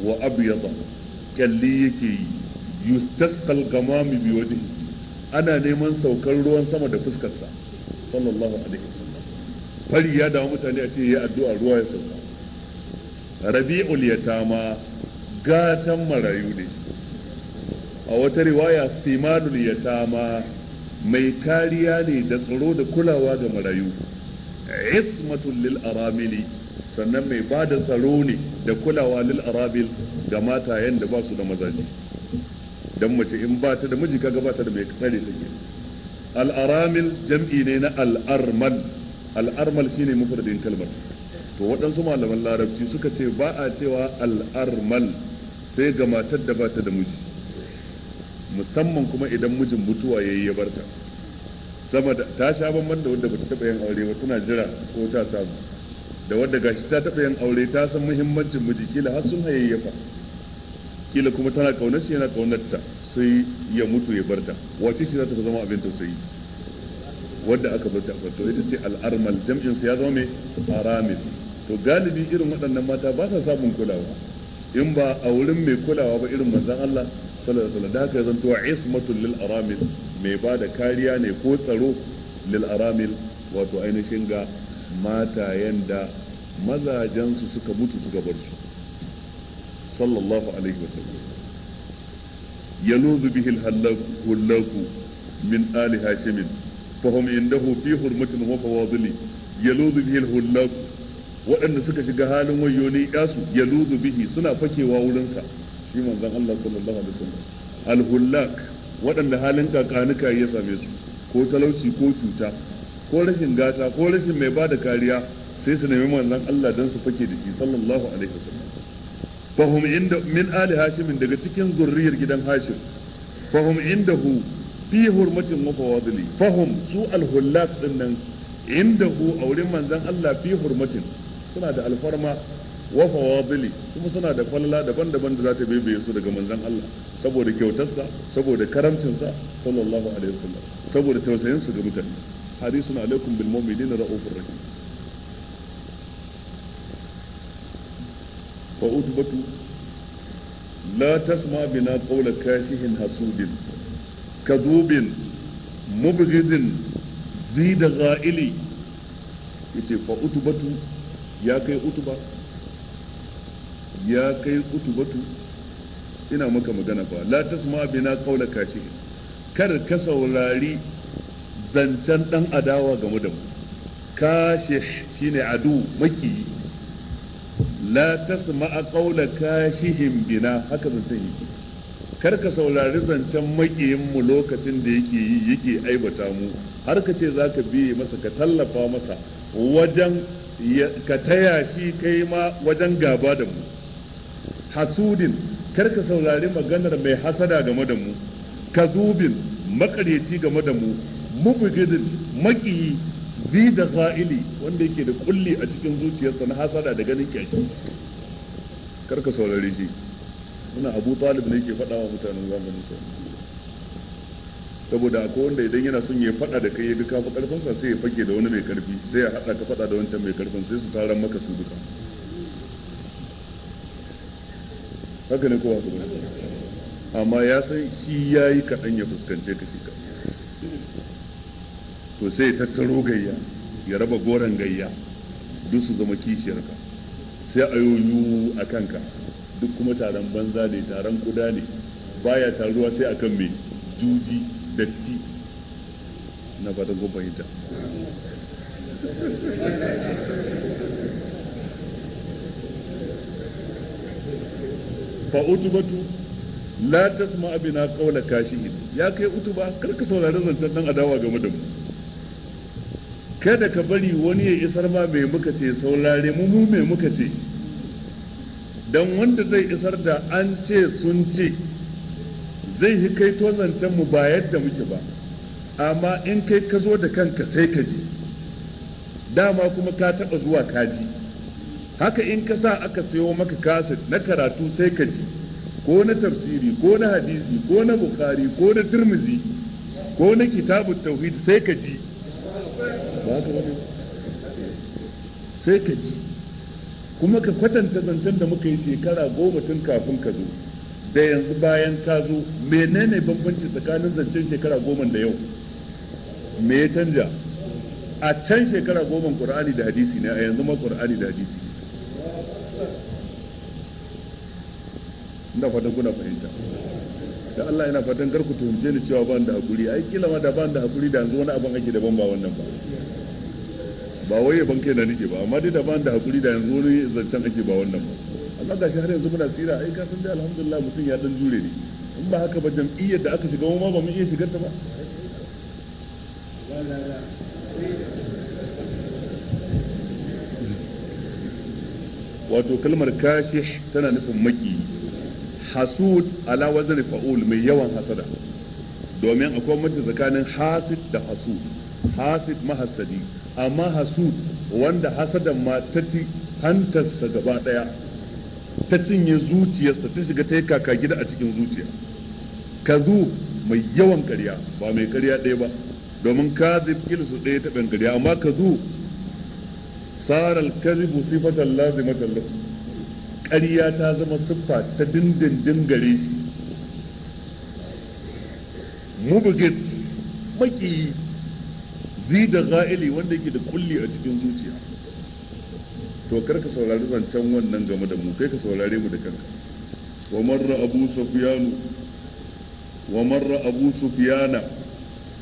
wa abyada kalli yake yi yustaqal gamami bi wajhi ana neman saukar ruwan sama da fuskarsa sallallahu alaihi fari ya dawo mutane a ce ya addu'a ruwa ya sauka rabi'ul yatama gatan marayu ne a wata riwaya simanul yatama mai kariya ne da tsaro da kulawa ga marayu ismatul lil aramili sannan mai ba da tsaro ne da kulawa lil arabil ga matayen da ba su da mazaje dan mace in ba ta da miji kaga ba ta da mai kare take al aramil jam'i ne na al arman al'armal shine mufradin kalmar to waɗansu malaman larabci suka ce ba a cewa al'armal sai ga matar da ba ta da miji musamman kuma idan mijin mutuwa yayi ya barta sama da ta sha bamban da wanda bata taɓa yin aure ba tana jira ko ta samu da wanda gashi ta taɓa yin aure ta san muhimmancin miji kila har sun hayayyafa kila kuma tana kaunar shi yana kaunar ta sai ya mutu ya barta wace shi za ta zama abin tausayi wadda aka bar ta to ita ce al'armal jam'in su ya zama mai aramil to galibi irin waɗannan mata ba sa samun kulawa in ba a wurin mai kulawa ba irin manzon Allah sallallahu alaihi wasallam haka zanto ismatul lil aramil mai ba da kariya ne ko tsaro lil aramil wato ainihin ga mata yanda mazajen su suka mutu suka bar su sallallahu alaihi wasallam yanuzu bihi al-hallaku min ali hashimin فهم عنده في حرمة وفواضل يلوذ به الهلاك waɗanda suka shiga halin wayo yasu ya luzu bihi suna fakewa wurinsa shi manzon Allah sallallahu alaihi wasallam alhullak waɗanda halin kakanuka ya same su ko talauci ko cuta ko rashin gata ko rashin mai bada kariya sai su nemi manzon Allah dan fake da shi sallallahu alaihi wasallam fahum inda min ali daga cikin zurriyar gidan hashim fahum fi hurmatin mutawadili fahum su alhullat din nan indahu a wurin manzan Allah fi hurmatin suna da alfarma wa fawadili kuma suna da falala daban-daban da za ta bebe su daga manzan Allah saboda kyautarsa saboda karamcinsa sallallahu alaihi wasallam saboda tausayin su ga mutane harisun alaikum bil mu'minina raufur rahim fa utbatu la tasma bina qawla kashihin hasudin kadubin mubghidin zi da za'ili yace fa utubatu ya kai utuba ya kai utubatu ina maka magana ba la tasma bina qawla kashi kar ka saurari zancen dan adawa game da mu kashi shine adu maki la tasma qawla kashihim bina haka zan yake kar ka saurari zancen makiyin mu lokacin da yake yi yake aibata mu har ka ce za ka biye masa ka tallafa masa wajen ka taya shi kai ma wajen gaba da mu hasudin kar ka saurari maganar mai hasada game da mu kazubin makaryaci game da mu mubigidin makiyi zi da za'ili wanda yake da kulli a cikin zuciyarsa na hasada da ganin kyashi kar ka saurari shi suna abu talib ne ke faɗa wa mutanen zamanin sa saboda akwai wanda idan yana son ya faɗa da kai ya ga kafa karfin sa sai ya fake da wani mai karfi sai ya haɗa ka faɗa da wancan mai karfin sai su taron maka su duka haka ne kowa ba amma ya san shi ya yi kaɗan ya fuskance ka shi to sai ya tattaro gayya ya raba goron gayya duk su zama kishiyarka sai a yoyu a kanka duk kuma taron banza ne taron kuda ne baya taruwa sai akan mai juji datti na fatan kun fahimta fa utubatu la tasma abina qawla kashihin ya kai utuba kar ka saurari zancen dan adawa game da mu kada ka bari wani ya isar ma mai muka ce saurare mu mu mai muka ce don wanda zai isar da an ce sun ce zai yi kai zancen mu ba yadda muke ba amma in kai ka zo da kanka sai ka ji dama kuma ka taɓa zuwa ka ji haka in ka sa aka sayo maka kaset na karatu sai ka ji ko na tafsiri ko na hadisi ko na bukari ko na turmizi ko na kitabun tauhid sai ka ji sai ka ji kuma ka kwatanta zancen da muka yi shekara goma tun kafin ka zo da yanzu bayan ka zo menene bambanci tsakanin zancen shekara goma da yau me ya canja a can shekara goma ƙur'ani da hadisi ne a yanzu ma ƙur'ani da hadisi ina fatan kuna fahimta da Allah yana fatan kar ku tuhumce ni cewa ban da hakuri ai kila ma da ban da hakuri da yanzu wani abin ake daban ba wannan ba ba wai ban kai na nake ba amma dai da ban da hakuri da yanzu wani zancen ake ba wannan ba amma ga shi har yanzu muna tsira ai ka san dai alhamdulillah mutum ya dan jure ne in ba haka ba jam'iyyar da aka shiga mu ma ba mu iya shigar ta ba wato kalmar kashi tana nufin maki hasud ala wazani fa'ul mai yawan hasada domin akwai mace tsakanin hasid da hasud hasid mahassadi amma hasud wanda hasadan ma ta ci hantarsa gaba daya ta cinye zuciyarsa ta shiga ta yi kaka gida a cikin zuciya kazu mai yawan ƙarya ba mai ƙarya ɗaya ba domin kazib su ɗaya ta ƙarya amma kazu saral kazibu sifatan lazimatan lahu ƙarya ta zama siffa ta dindindin gare shi mubigit maki zi da wanda yake da kulli a cikin zuciya to kar ka saurari zancen wannan game da mu kai ka saurare mu da kanka wa marra abu sufyanu wa marra abu sufyana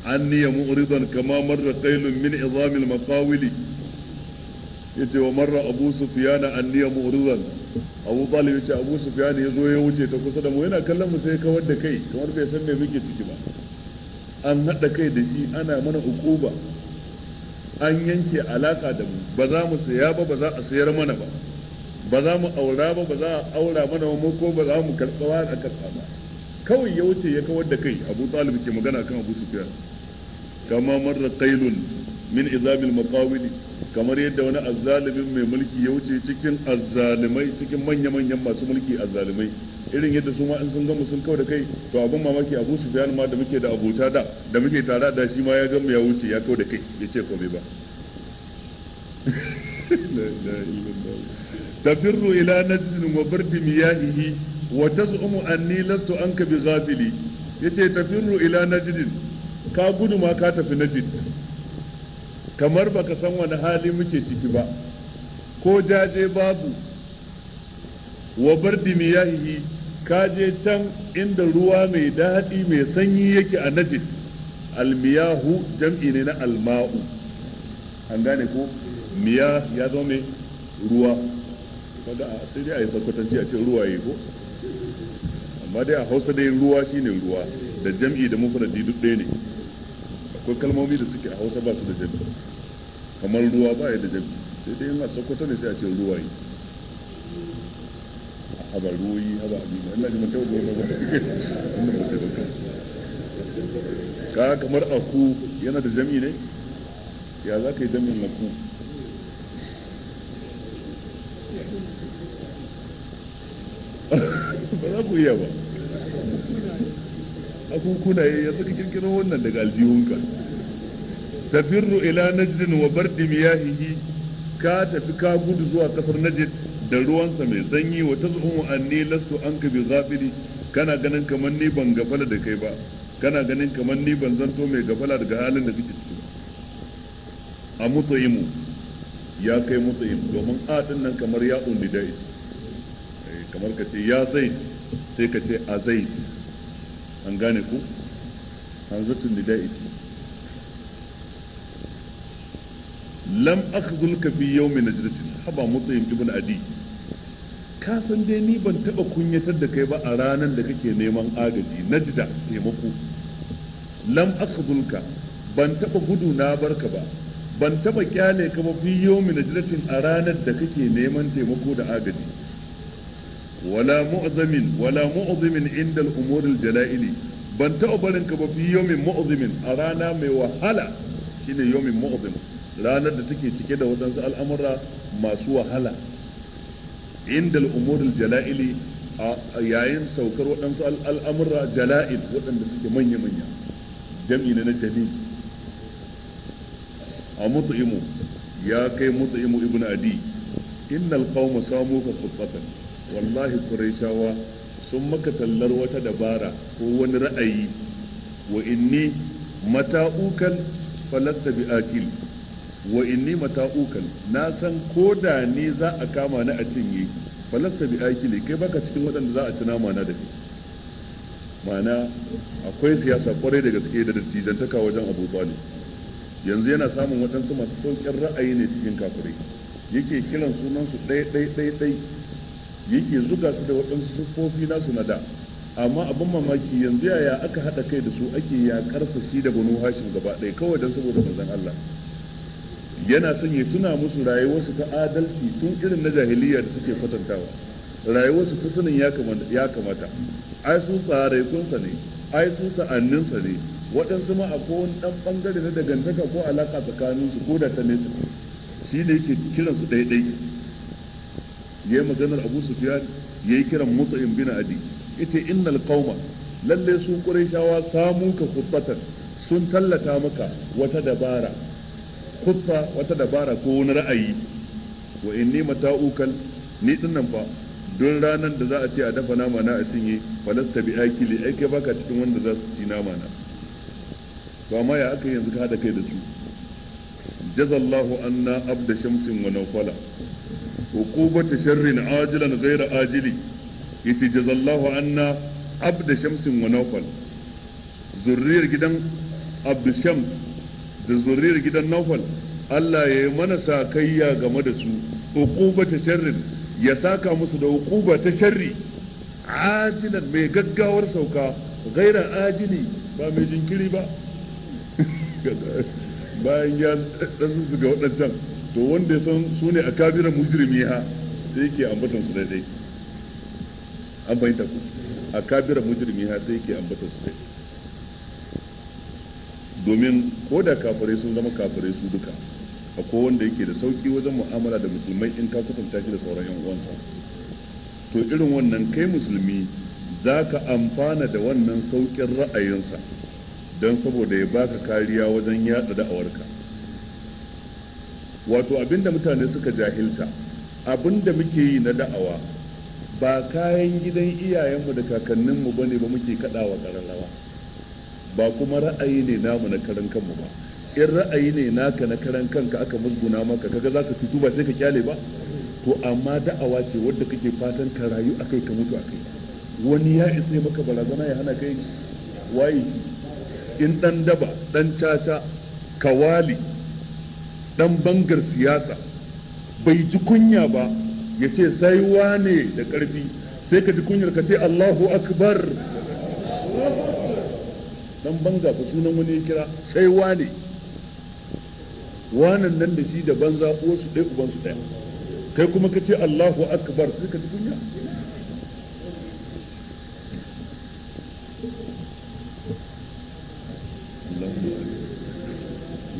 anni ya mu'ridan kama marra qailun min izamil maqawili yace wa marra abu sufyana anni ya mu'ridan abu talib yace abu sufyana yazo ya wuce ta kusa da mu yana kallon mu sai kawar da kai kamar bai san me muke ciki ba an hada kai da shi ana mana ukuba an yanke alaka da mu ba za mu saya ba ba za a sayar mana ba ba za mu aura ba ba za a aura mana mu ko ba za mu karɓa a karɓa ba kawai ya wuce ya kawar da kai Abu Talib ke magana kan Abu Sufyan kama marra kailun min izabil maqawil kamar yadda wani azzalimin mai mulki ya wuce cikin azzalimai cikin manya-manyan masu mulki azzalimai irin yadda su ma in sun gama sun kawai da kai to abin mamaki abu su biyan ma da muke da abota da da muke tare da shi ma ya gama ya wuce ya kawai da kai ya ce komai ba [LAUGHS] tafirru ila najdin wa bardi miyahihi wa tazumu anni lastu anka bi ghafili yace tafirru ila najdin ka gudu ma ka tafi najd kamar baka san wani hali muke ciki ba ko jaje babu wa bardi miyahihi ka je can inda ruwa mai daɗi mai sanyi yake a najis almiyahu jam'i ne na alma'u an gane ko miya ya zo mai ruwa kada a sai dai a yi sakwatanci a ce ruwa yi ko amma dai a hausa dai ruwa shine ruwa da jam'i da fara duk ɗaya ne akwai kalmomi da suke a hausa ba su da jam'i kamar ruwa ba ya da jam'i sai dai in a sokoto ne sai a ce ruwa yi haba ruwoyi haba abinda ina ji mutum ruwa ba wannan ba ta ba ka kamar aku yana da jami ne ya za ka yi na ku? ba za ku iya ba aku yi ya saka kirkirar wannan daga aljihunka tafirru ila najdin wa bardi miyahihi ka tafi ka gudu zuwa kasar najd da ruwansa mai sanyi wa tazumu lasu an ka bi zafiri kana ganin kamar ni ban gafala da kai ba kana ganin kamar ni ban zanto mai gafala daga halin da kake ciki a mu ya kai mu domin a din nan kamar ya ita. Eh, kamar ka ce ya zai sai ka ce a zai an gane ku an zatun da ita lam akhdhulka fi yawmi najdatin haba mutayyim ibn adi ka san dai ni ban taɓa kunyatar da kai ba a ranar da kake neman agaji jida taimako lam akhzulka ban taba gudu na barka ba ban taɓa kyale ka ba fi yawmi najdatin a ranar da kake neman taimako da agaji wala mu'zamin wala mu'zimin inda jalaili ban taba barin ka ba fi yawmin a rana mai wahala shine yawmin mu'zim ranar da take cike da waɗansu al'amura masu wahala inda al'umurul jala'ili yayin saukar waɗansu al'amurra jala'il waɗanda suke manya-manya jam'i na jami a mutu'imu ya kai mutu'imu ibn adi innal qawma samu ka kubbatan wallahi quraishawa sun maka tallar wata dabara ko wani ra'ayi wa inni mata'ukan falatta bi akil wa inni mata'ukan na san ko da ni za a kama ni a cinye falasta bi akili kai baka cikin waɗanda za a ci nama da kai mana akwai siyasa kwarai da gaske da dattijantaka wajen abu ne yanzu yana samun waɗansu masu saukin ra'ayi ne cikin kafirai yake kiran sunansu ɗai ɗai ɗai ɗai yake zuga su da waɗansu siffofi nasu na da amma abin mamaki yanzu yaya aka haɗa kai da su ake yakar su shi da banu hashim gaba ɗaya kawai don saboda manzon Allah yana son ya tuna musu rayuwarsu ta adalci tun irin na jahiliya da suke kwatantawa rayuwarsu ta sanin ya kamata ai su tsaraikunsa ne ai su sa'anninsa ne waɗansu ma a wani ɗan ɓangare na dangantaka ko alaƙa su ko da ta nesa shi ne yake su ɗaiɗai ya yi maganar abu su sufyan ya yi kiran in bin adi ita innal lallai lalle su shawa samu ka kubbatan sun tallata maka wata dabara kuffa wata dabara ko wani ra'ayi wa ni mata'ukal ni dinnan fa don ranar da za a ce a dafa nama na a cinye falasta bi akili ai kai baka cikin wanda za su ci nama na to amma ya aka yanzu ka hada kai da su jazallahu anna abda shamsin wa nawfala uqubata sharrin ajilan ghayra ajili yace jazallahu anna abda shamsin wa nawfal zurriyar gidan abdu shams da zurriyar gidan Naufal Allah ya yi mana ya game da su hukuba ta sharrin ya saka musu da hukuba ta sharri ajilan mai gaggawar sauka gaira ajili ba mai jinkiri ba [LAUGHS] bayan ya dan su ga waɗancan to wanda ya san su ne a kabiran mujrimi ha sai yake ambatan su daidai an bayyanta ku a kabiran mujrimi ha sai yake ambatan su daidai domin ko da kafirai sun zama kafirai su duka akwai wanda yake da sauki wajen mu'amala da musulmai in ka kusanta shi da sauran yan uwansa to irin wannan kai musulmi za ka amfana da wannan saukin ra'ayinsa don saboda ya baka kariya wajen yada da'awarka wato abinda mutane suka jahilta abinda muke yi na da'awa ba kayan gidan iyayenmu da kakanninmu bane ba muke kaɗawa ƙararrawa ba kuma ra'ayi ne namu na karan kanmu ba in ra'ayi ne naka na karan kanka aka musguna maka kaga zaka cutu ba sai ka kyale ba to amma da'awa ce wadda kake fatan ka rayu akai ka mutu akai wani ya isa maka barazana ya hana kai waye in dan daba dan caca kawali dan bangar siyasa bai ji kunya ba ya ce sai wane da karfi sai ka ji kunyar ka ce Allahu akbar dan banga ku sunan wani ya kira sai wane wanan nan da shi da banza ko su dai uban su ɗaya kai kuma ka ce Allahu akbar sai ka ji kunya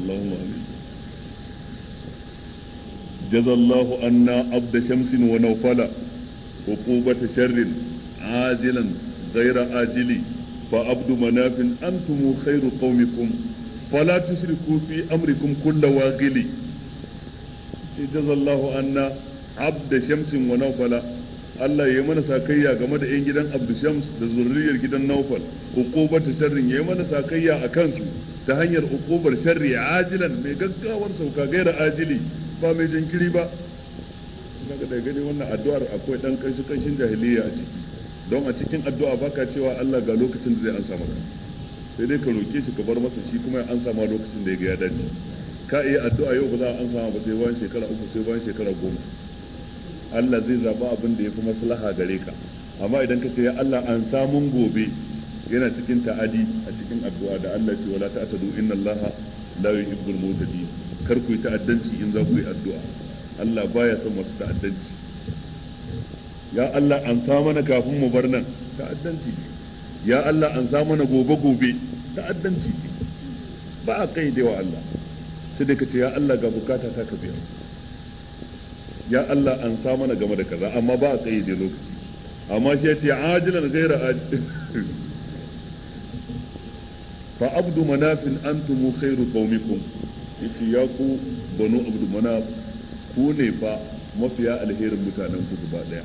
اللهم امين جزى الله عنا عبد شمس ونوفل عقوبة شر عاجلا غير آجلي fa abdu manafin antum khairu qaumikum fala tusriku fi amrikum kullu waghili jazallahu anna abda shamsin wa nawfala Allah ya mana sakayya game da 'yan gidan Abdu da zurriyar gidan Naufal hukubar ta sharrin ya mana sakayya a kansu ta hanyar hukubar sharri ajilan mai gaggawar sauka gaira ajili ba mai jinkiri ba daga da gani wannan addu'ar akwai ɗan kashi kashin jahiliya a ciki don a cikin addu'a baka cewa Allah ga lokacin da zai ansa maka sai dai ka roke shi ka bar masa shi kuma ya ansa ma lokacin da ya ga ya dace ka iya addu'a yau ba za a ansa ma ba sai bayan shekara uku sai bayan shekara goma Allah zai zaba abin da ya fi maslaha gare ka amma idan ka ce ya Allah an samun gobe yana cikin ta'adi a cikin addu'a da Allah ce wala ta'tadu inna Allah la yuhibbul mutadin kar ku yi ta'addanci in za ku yi addu'a Allah baya son masu ta'addanci ya Allah an sa mana kafin mu bar nan ta'addanci ne ya Allah an sa mana gobe gobe ta'addanci ne ba a kaide wa Allah sai dai ka ce ya Allah ga bukata ta ka biya ya Allah an sa mana game da kaza amma ba a kai kaide lokaci amma shi ya ce ajilan ghaira ajil [LAUGHS] fa abdu manafin antum khairu qaumikum yace ya ku banu abdu manaf ku ne fa mafiya alherin mutanen ku gaba daya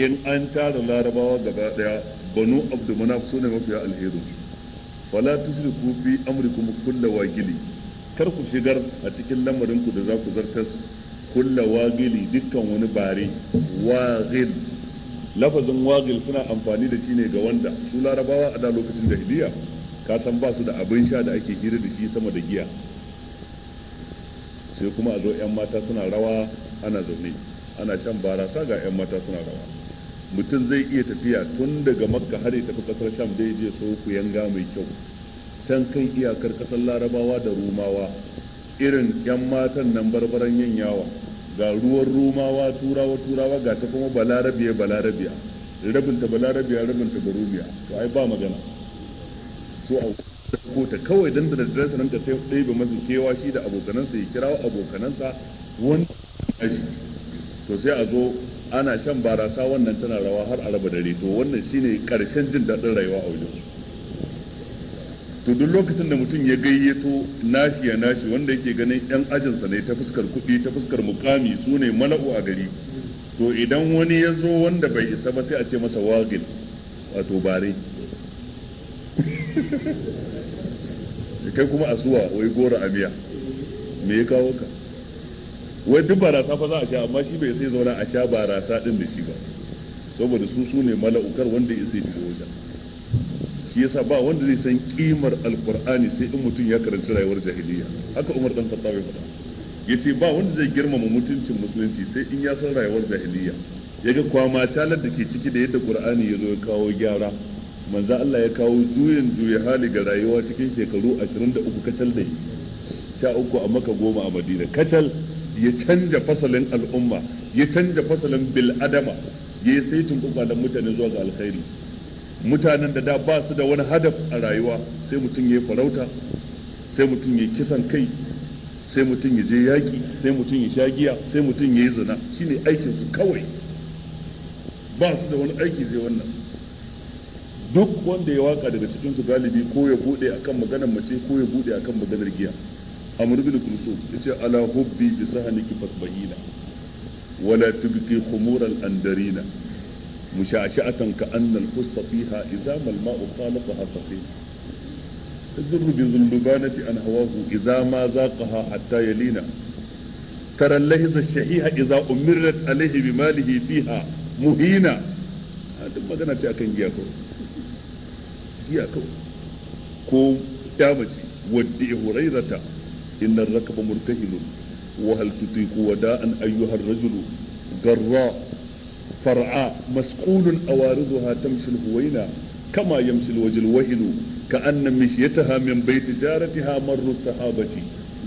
in an tara larabawa gaba daya banu abdu manaf ne mafiya alherin wala tusriku fi amrikum kullu wagili kar ku shigar a cikin lamarin ku da za ku zartas kullu wagili dukkan wani bare wagil lafazin wagil suna amfani da shi ne ga wanda su larabawa a da lokacin jahiliya ka san ba su da abin sha da ake hira da shi sama da giya sai kuma a zo 'yan mata suna rawa ana zaune ana shan barasa ga 'yan mata suna rawa mutum zai iya tafiya tun daga makka har ya tafi kasar sham dai je so ku yanga mai kyau can kan iyakar kasar larabawa da rumawa irin yan matan nan barbaran yin yawa ga ruwan rumawa turawa turawa ga ta kuma balarabiya balarabiya rabinta balarabiya rabinta barubiya to ai ba magana so a ko ta kawai dan da daddare nan ta sai ba masa kewa shi da abokanansa ya kirawo abokanansa wani to sai a zo ana shan barasa wannan tana rawa har a raba dare to wannan shine karshen jin daɗin rayuwa a wajen to duk lokacin da mutum ya gayyato nashi ya nashi wanda yake ganin yan ajinsa ne ta fuskar kuɗi ta fuskar mukami su ne mala'u a gari to idan wani ya zo wanda bai isa ba sai a ce masa wagin wato bare [LAUGHS] kai kuma asuwa wai gora a miya me ya kawo ka wai duk barasa fa za a sha amma shi bai sai zauna a sha barasa din da shi ba saboda su su ne mala'ukar wanda ya sai shiga wajen shi yasa ba wanda zai san kimar alqur'ani sai in mutum ya karanci rayuwar jahiliya haka Umar dan Khattab ya faɗa yace ba wanda zai girmama mutuncin musulunci sai in ya san rayuwar jahiliya yaga kwama talar da ke ciki da yadda qur'ani ya zo ya kawo gyara manzo Allah ya kawo juyin juya hali ga rayuwa cikin shekaru 23 kacal da sha uku a maka goma a madina kacal ya canja fasalin al'umma ya canja fasalin bil adama ya yi saitin da mutane zuwa ga alkhairi mutanen da da ba su da wani hadaf a rayuwa sai mutum ya yi farauta sai mutum ya yi kisan kai sai mutum ya je yaƙi sai mutum ya sha giya sai mutum ya yi zina shine aikin su kawai ba su da wani aiki sai wannan duk wanda ya waka daga cikin su galibi ko ya bude akan maganar mace ko ya bude akan maganar giya amr bin kulsum yace ala hubbi bi sahniki fasbahina wala tubqi khumur al andarina musha'sha'atan ka anna al husta fiha idza mal ma'u qalaqa fasin تذر بذلبانة عن هواه إذا ما ذاقها حتى يلينا ترى اللهز الشحيح إذا أمرت عليه بماله فيها مهينا duk magana ce akan giya kawai giya kawai ko ya hurairata إن الركب مرتهن وهل تطيق وداء أيها الرجل جراء فرعاء مسقول أوارضها تمشي الهوينا كما يمشي الوجه الوهن كأن مشيتها من بيت جارتها مر السحابة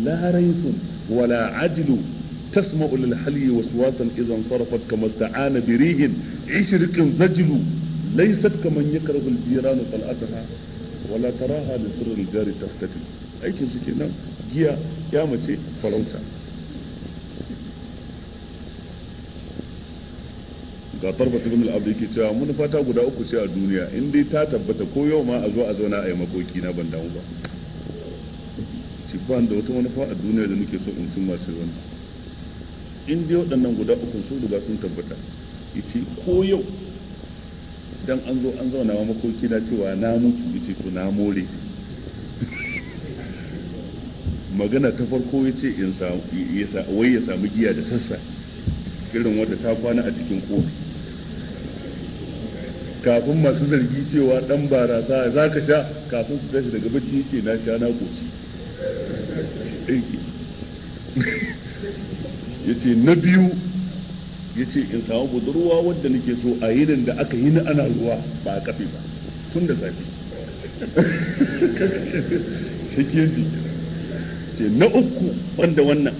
لا ريث ولا عجل تسمع للحلي وسواسا إذا انصرفت كما استعان بريه عشرق زجل ليست كمن يكره الجيران طلعتها ولا تراها لسر الجار تفتتل aikin su kenan giya ya mace farauta ga farfa abu al'abdi ke cewa muna fata guda uku ce a duniya in dai ta tabbata ko yau ma a zo a zauna a yi makoki na ban damu ba ci ban da wata manufa a duniya da muke so in sun masu wani in dai waɗannan guda uku sun riga sun tabbata ita ko yau dan an zo an zauna makoki na cewa na mutu ita to na more magana ta farko ya ce wai ya samu giya da sassa irin wadda ta kwana a cikin kofi kafin masu zargi cewa dan barasa za ka sha kafin su tashi daga bacci ce na sha na goci [LAUGHS] ya ce na biyu ya ce in samu budurwa wadda nake so a yinin da aka yi na ana ruwa ba a kafe ba tun da safe [LAUGHS] ke jikin ce na uku banda wannan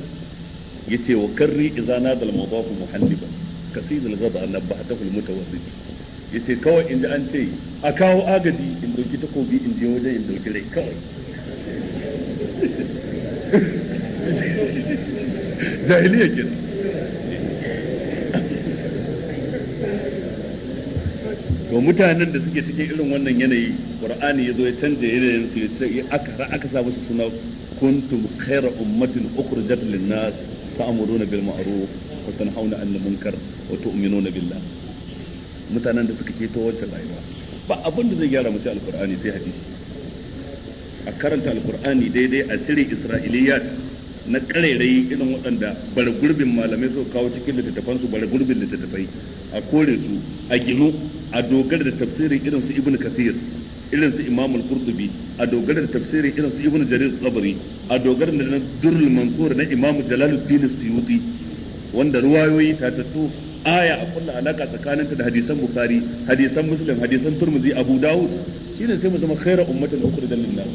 ce wa karri izana da madafu muhalliba kasid al-ghadha an bahatahu al ya ce kawai inda an ce a kawo agaji in dauki takobi in je wajen in dauki rai kawai [LAUGHS] jahiliya kenan to mutanen da suke cikin irin wannan yanayi qur'ani yazo ya canje yanayin su ya aka aka sa musu suna kuntum khayra ummatin ukhrijat lin-nas ta'muruna bil ma'ruf wa tanhauna 'anil munkar wa tu'minuna billah mutanen da suka keto wancan rayuwa ba abin da zai gyara musu alqur'ani sai hadisi a karanta alqur'ani daidai a cire isra'iliyat na karerai irin waɗanda bara gurbin malamai su kawo cikin littattafansu bara gurbin littattafai a kore su a gino a dogara da tafsirin irin su ibn kathir irin su imam al-qurtubi a dogara da tafsirin irin su ibn jarir tsabari a dogara da durul mansur na imam jalaluddin suyuti wanda ruwayoyi tatattu aya a kulla alaka tsakaninta da hadisan bukhari hadisan muslim hadisan turmizi abu dawud shine sai mu zama khaira ummatin ukhrijat lin-nas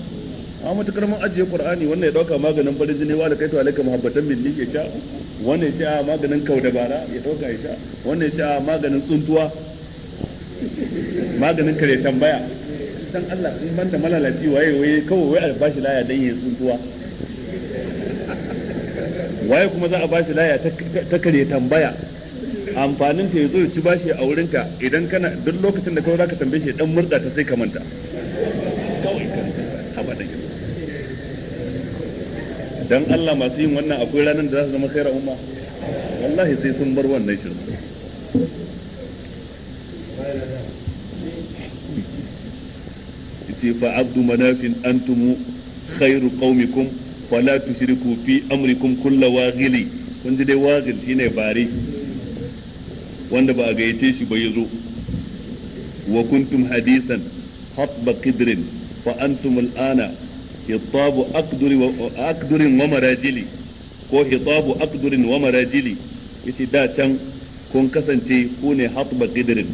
a matukar mun ajiye qur'ani wannan ya dauka maganin farin jini wa alkaitu alayka muhabbatan min ya sha wannan ya ce a maganin kaudabara ya dauka ya sha wannan ya ce a maganin tsuntuwa maganin kare tambaya dan Allah in ban da malalaci waye waye kawai wai albashi laya dan yayin suntuwa waye kuma za a bashi laya ta kare tambaya amfanin ta yazo zo ci bashi a wurinka idan kana duk lokacin da kawai zaka tambaye shi dan murda ta sai ka manta kawai abadan dan Allah masu yin wannan akwai ranar da za su zama khairar umma wallahi sai sun bar wannan shirin ce fa abdu manafin antumu khairu qaumikum fala tushriku fi amrikum kullu waghili kun ji dai waghil shine bare wanda ba a gayyace shi ba yazo wa kuntum hadisan hatba qidrin fa antum al'ana hitabu aqduri wa aqdurin wa marajili ko hitabu aqdurin wa marajili yace da can kun kasance ku ne hatba qidrin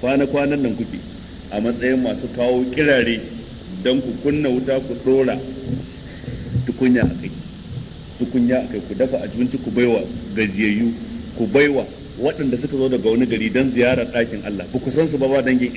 kwana kwanan nan kuke a matsayin masu kawo kirare don ku kunna wuta ku dora tukunya a kai tukunya a kai ku dafa abinci ku baiwa gajiyayyu ku baiwa waɗanda suka zo daga wani gari don ziyarar ɗakin Allah ba ku san su ba ba dangin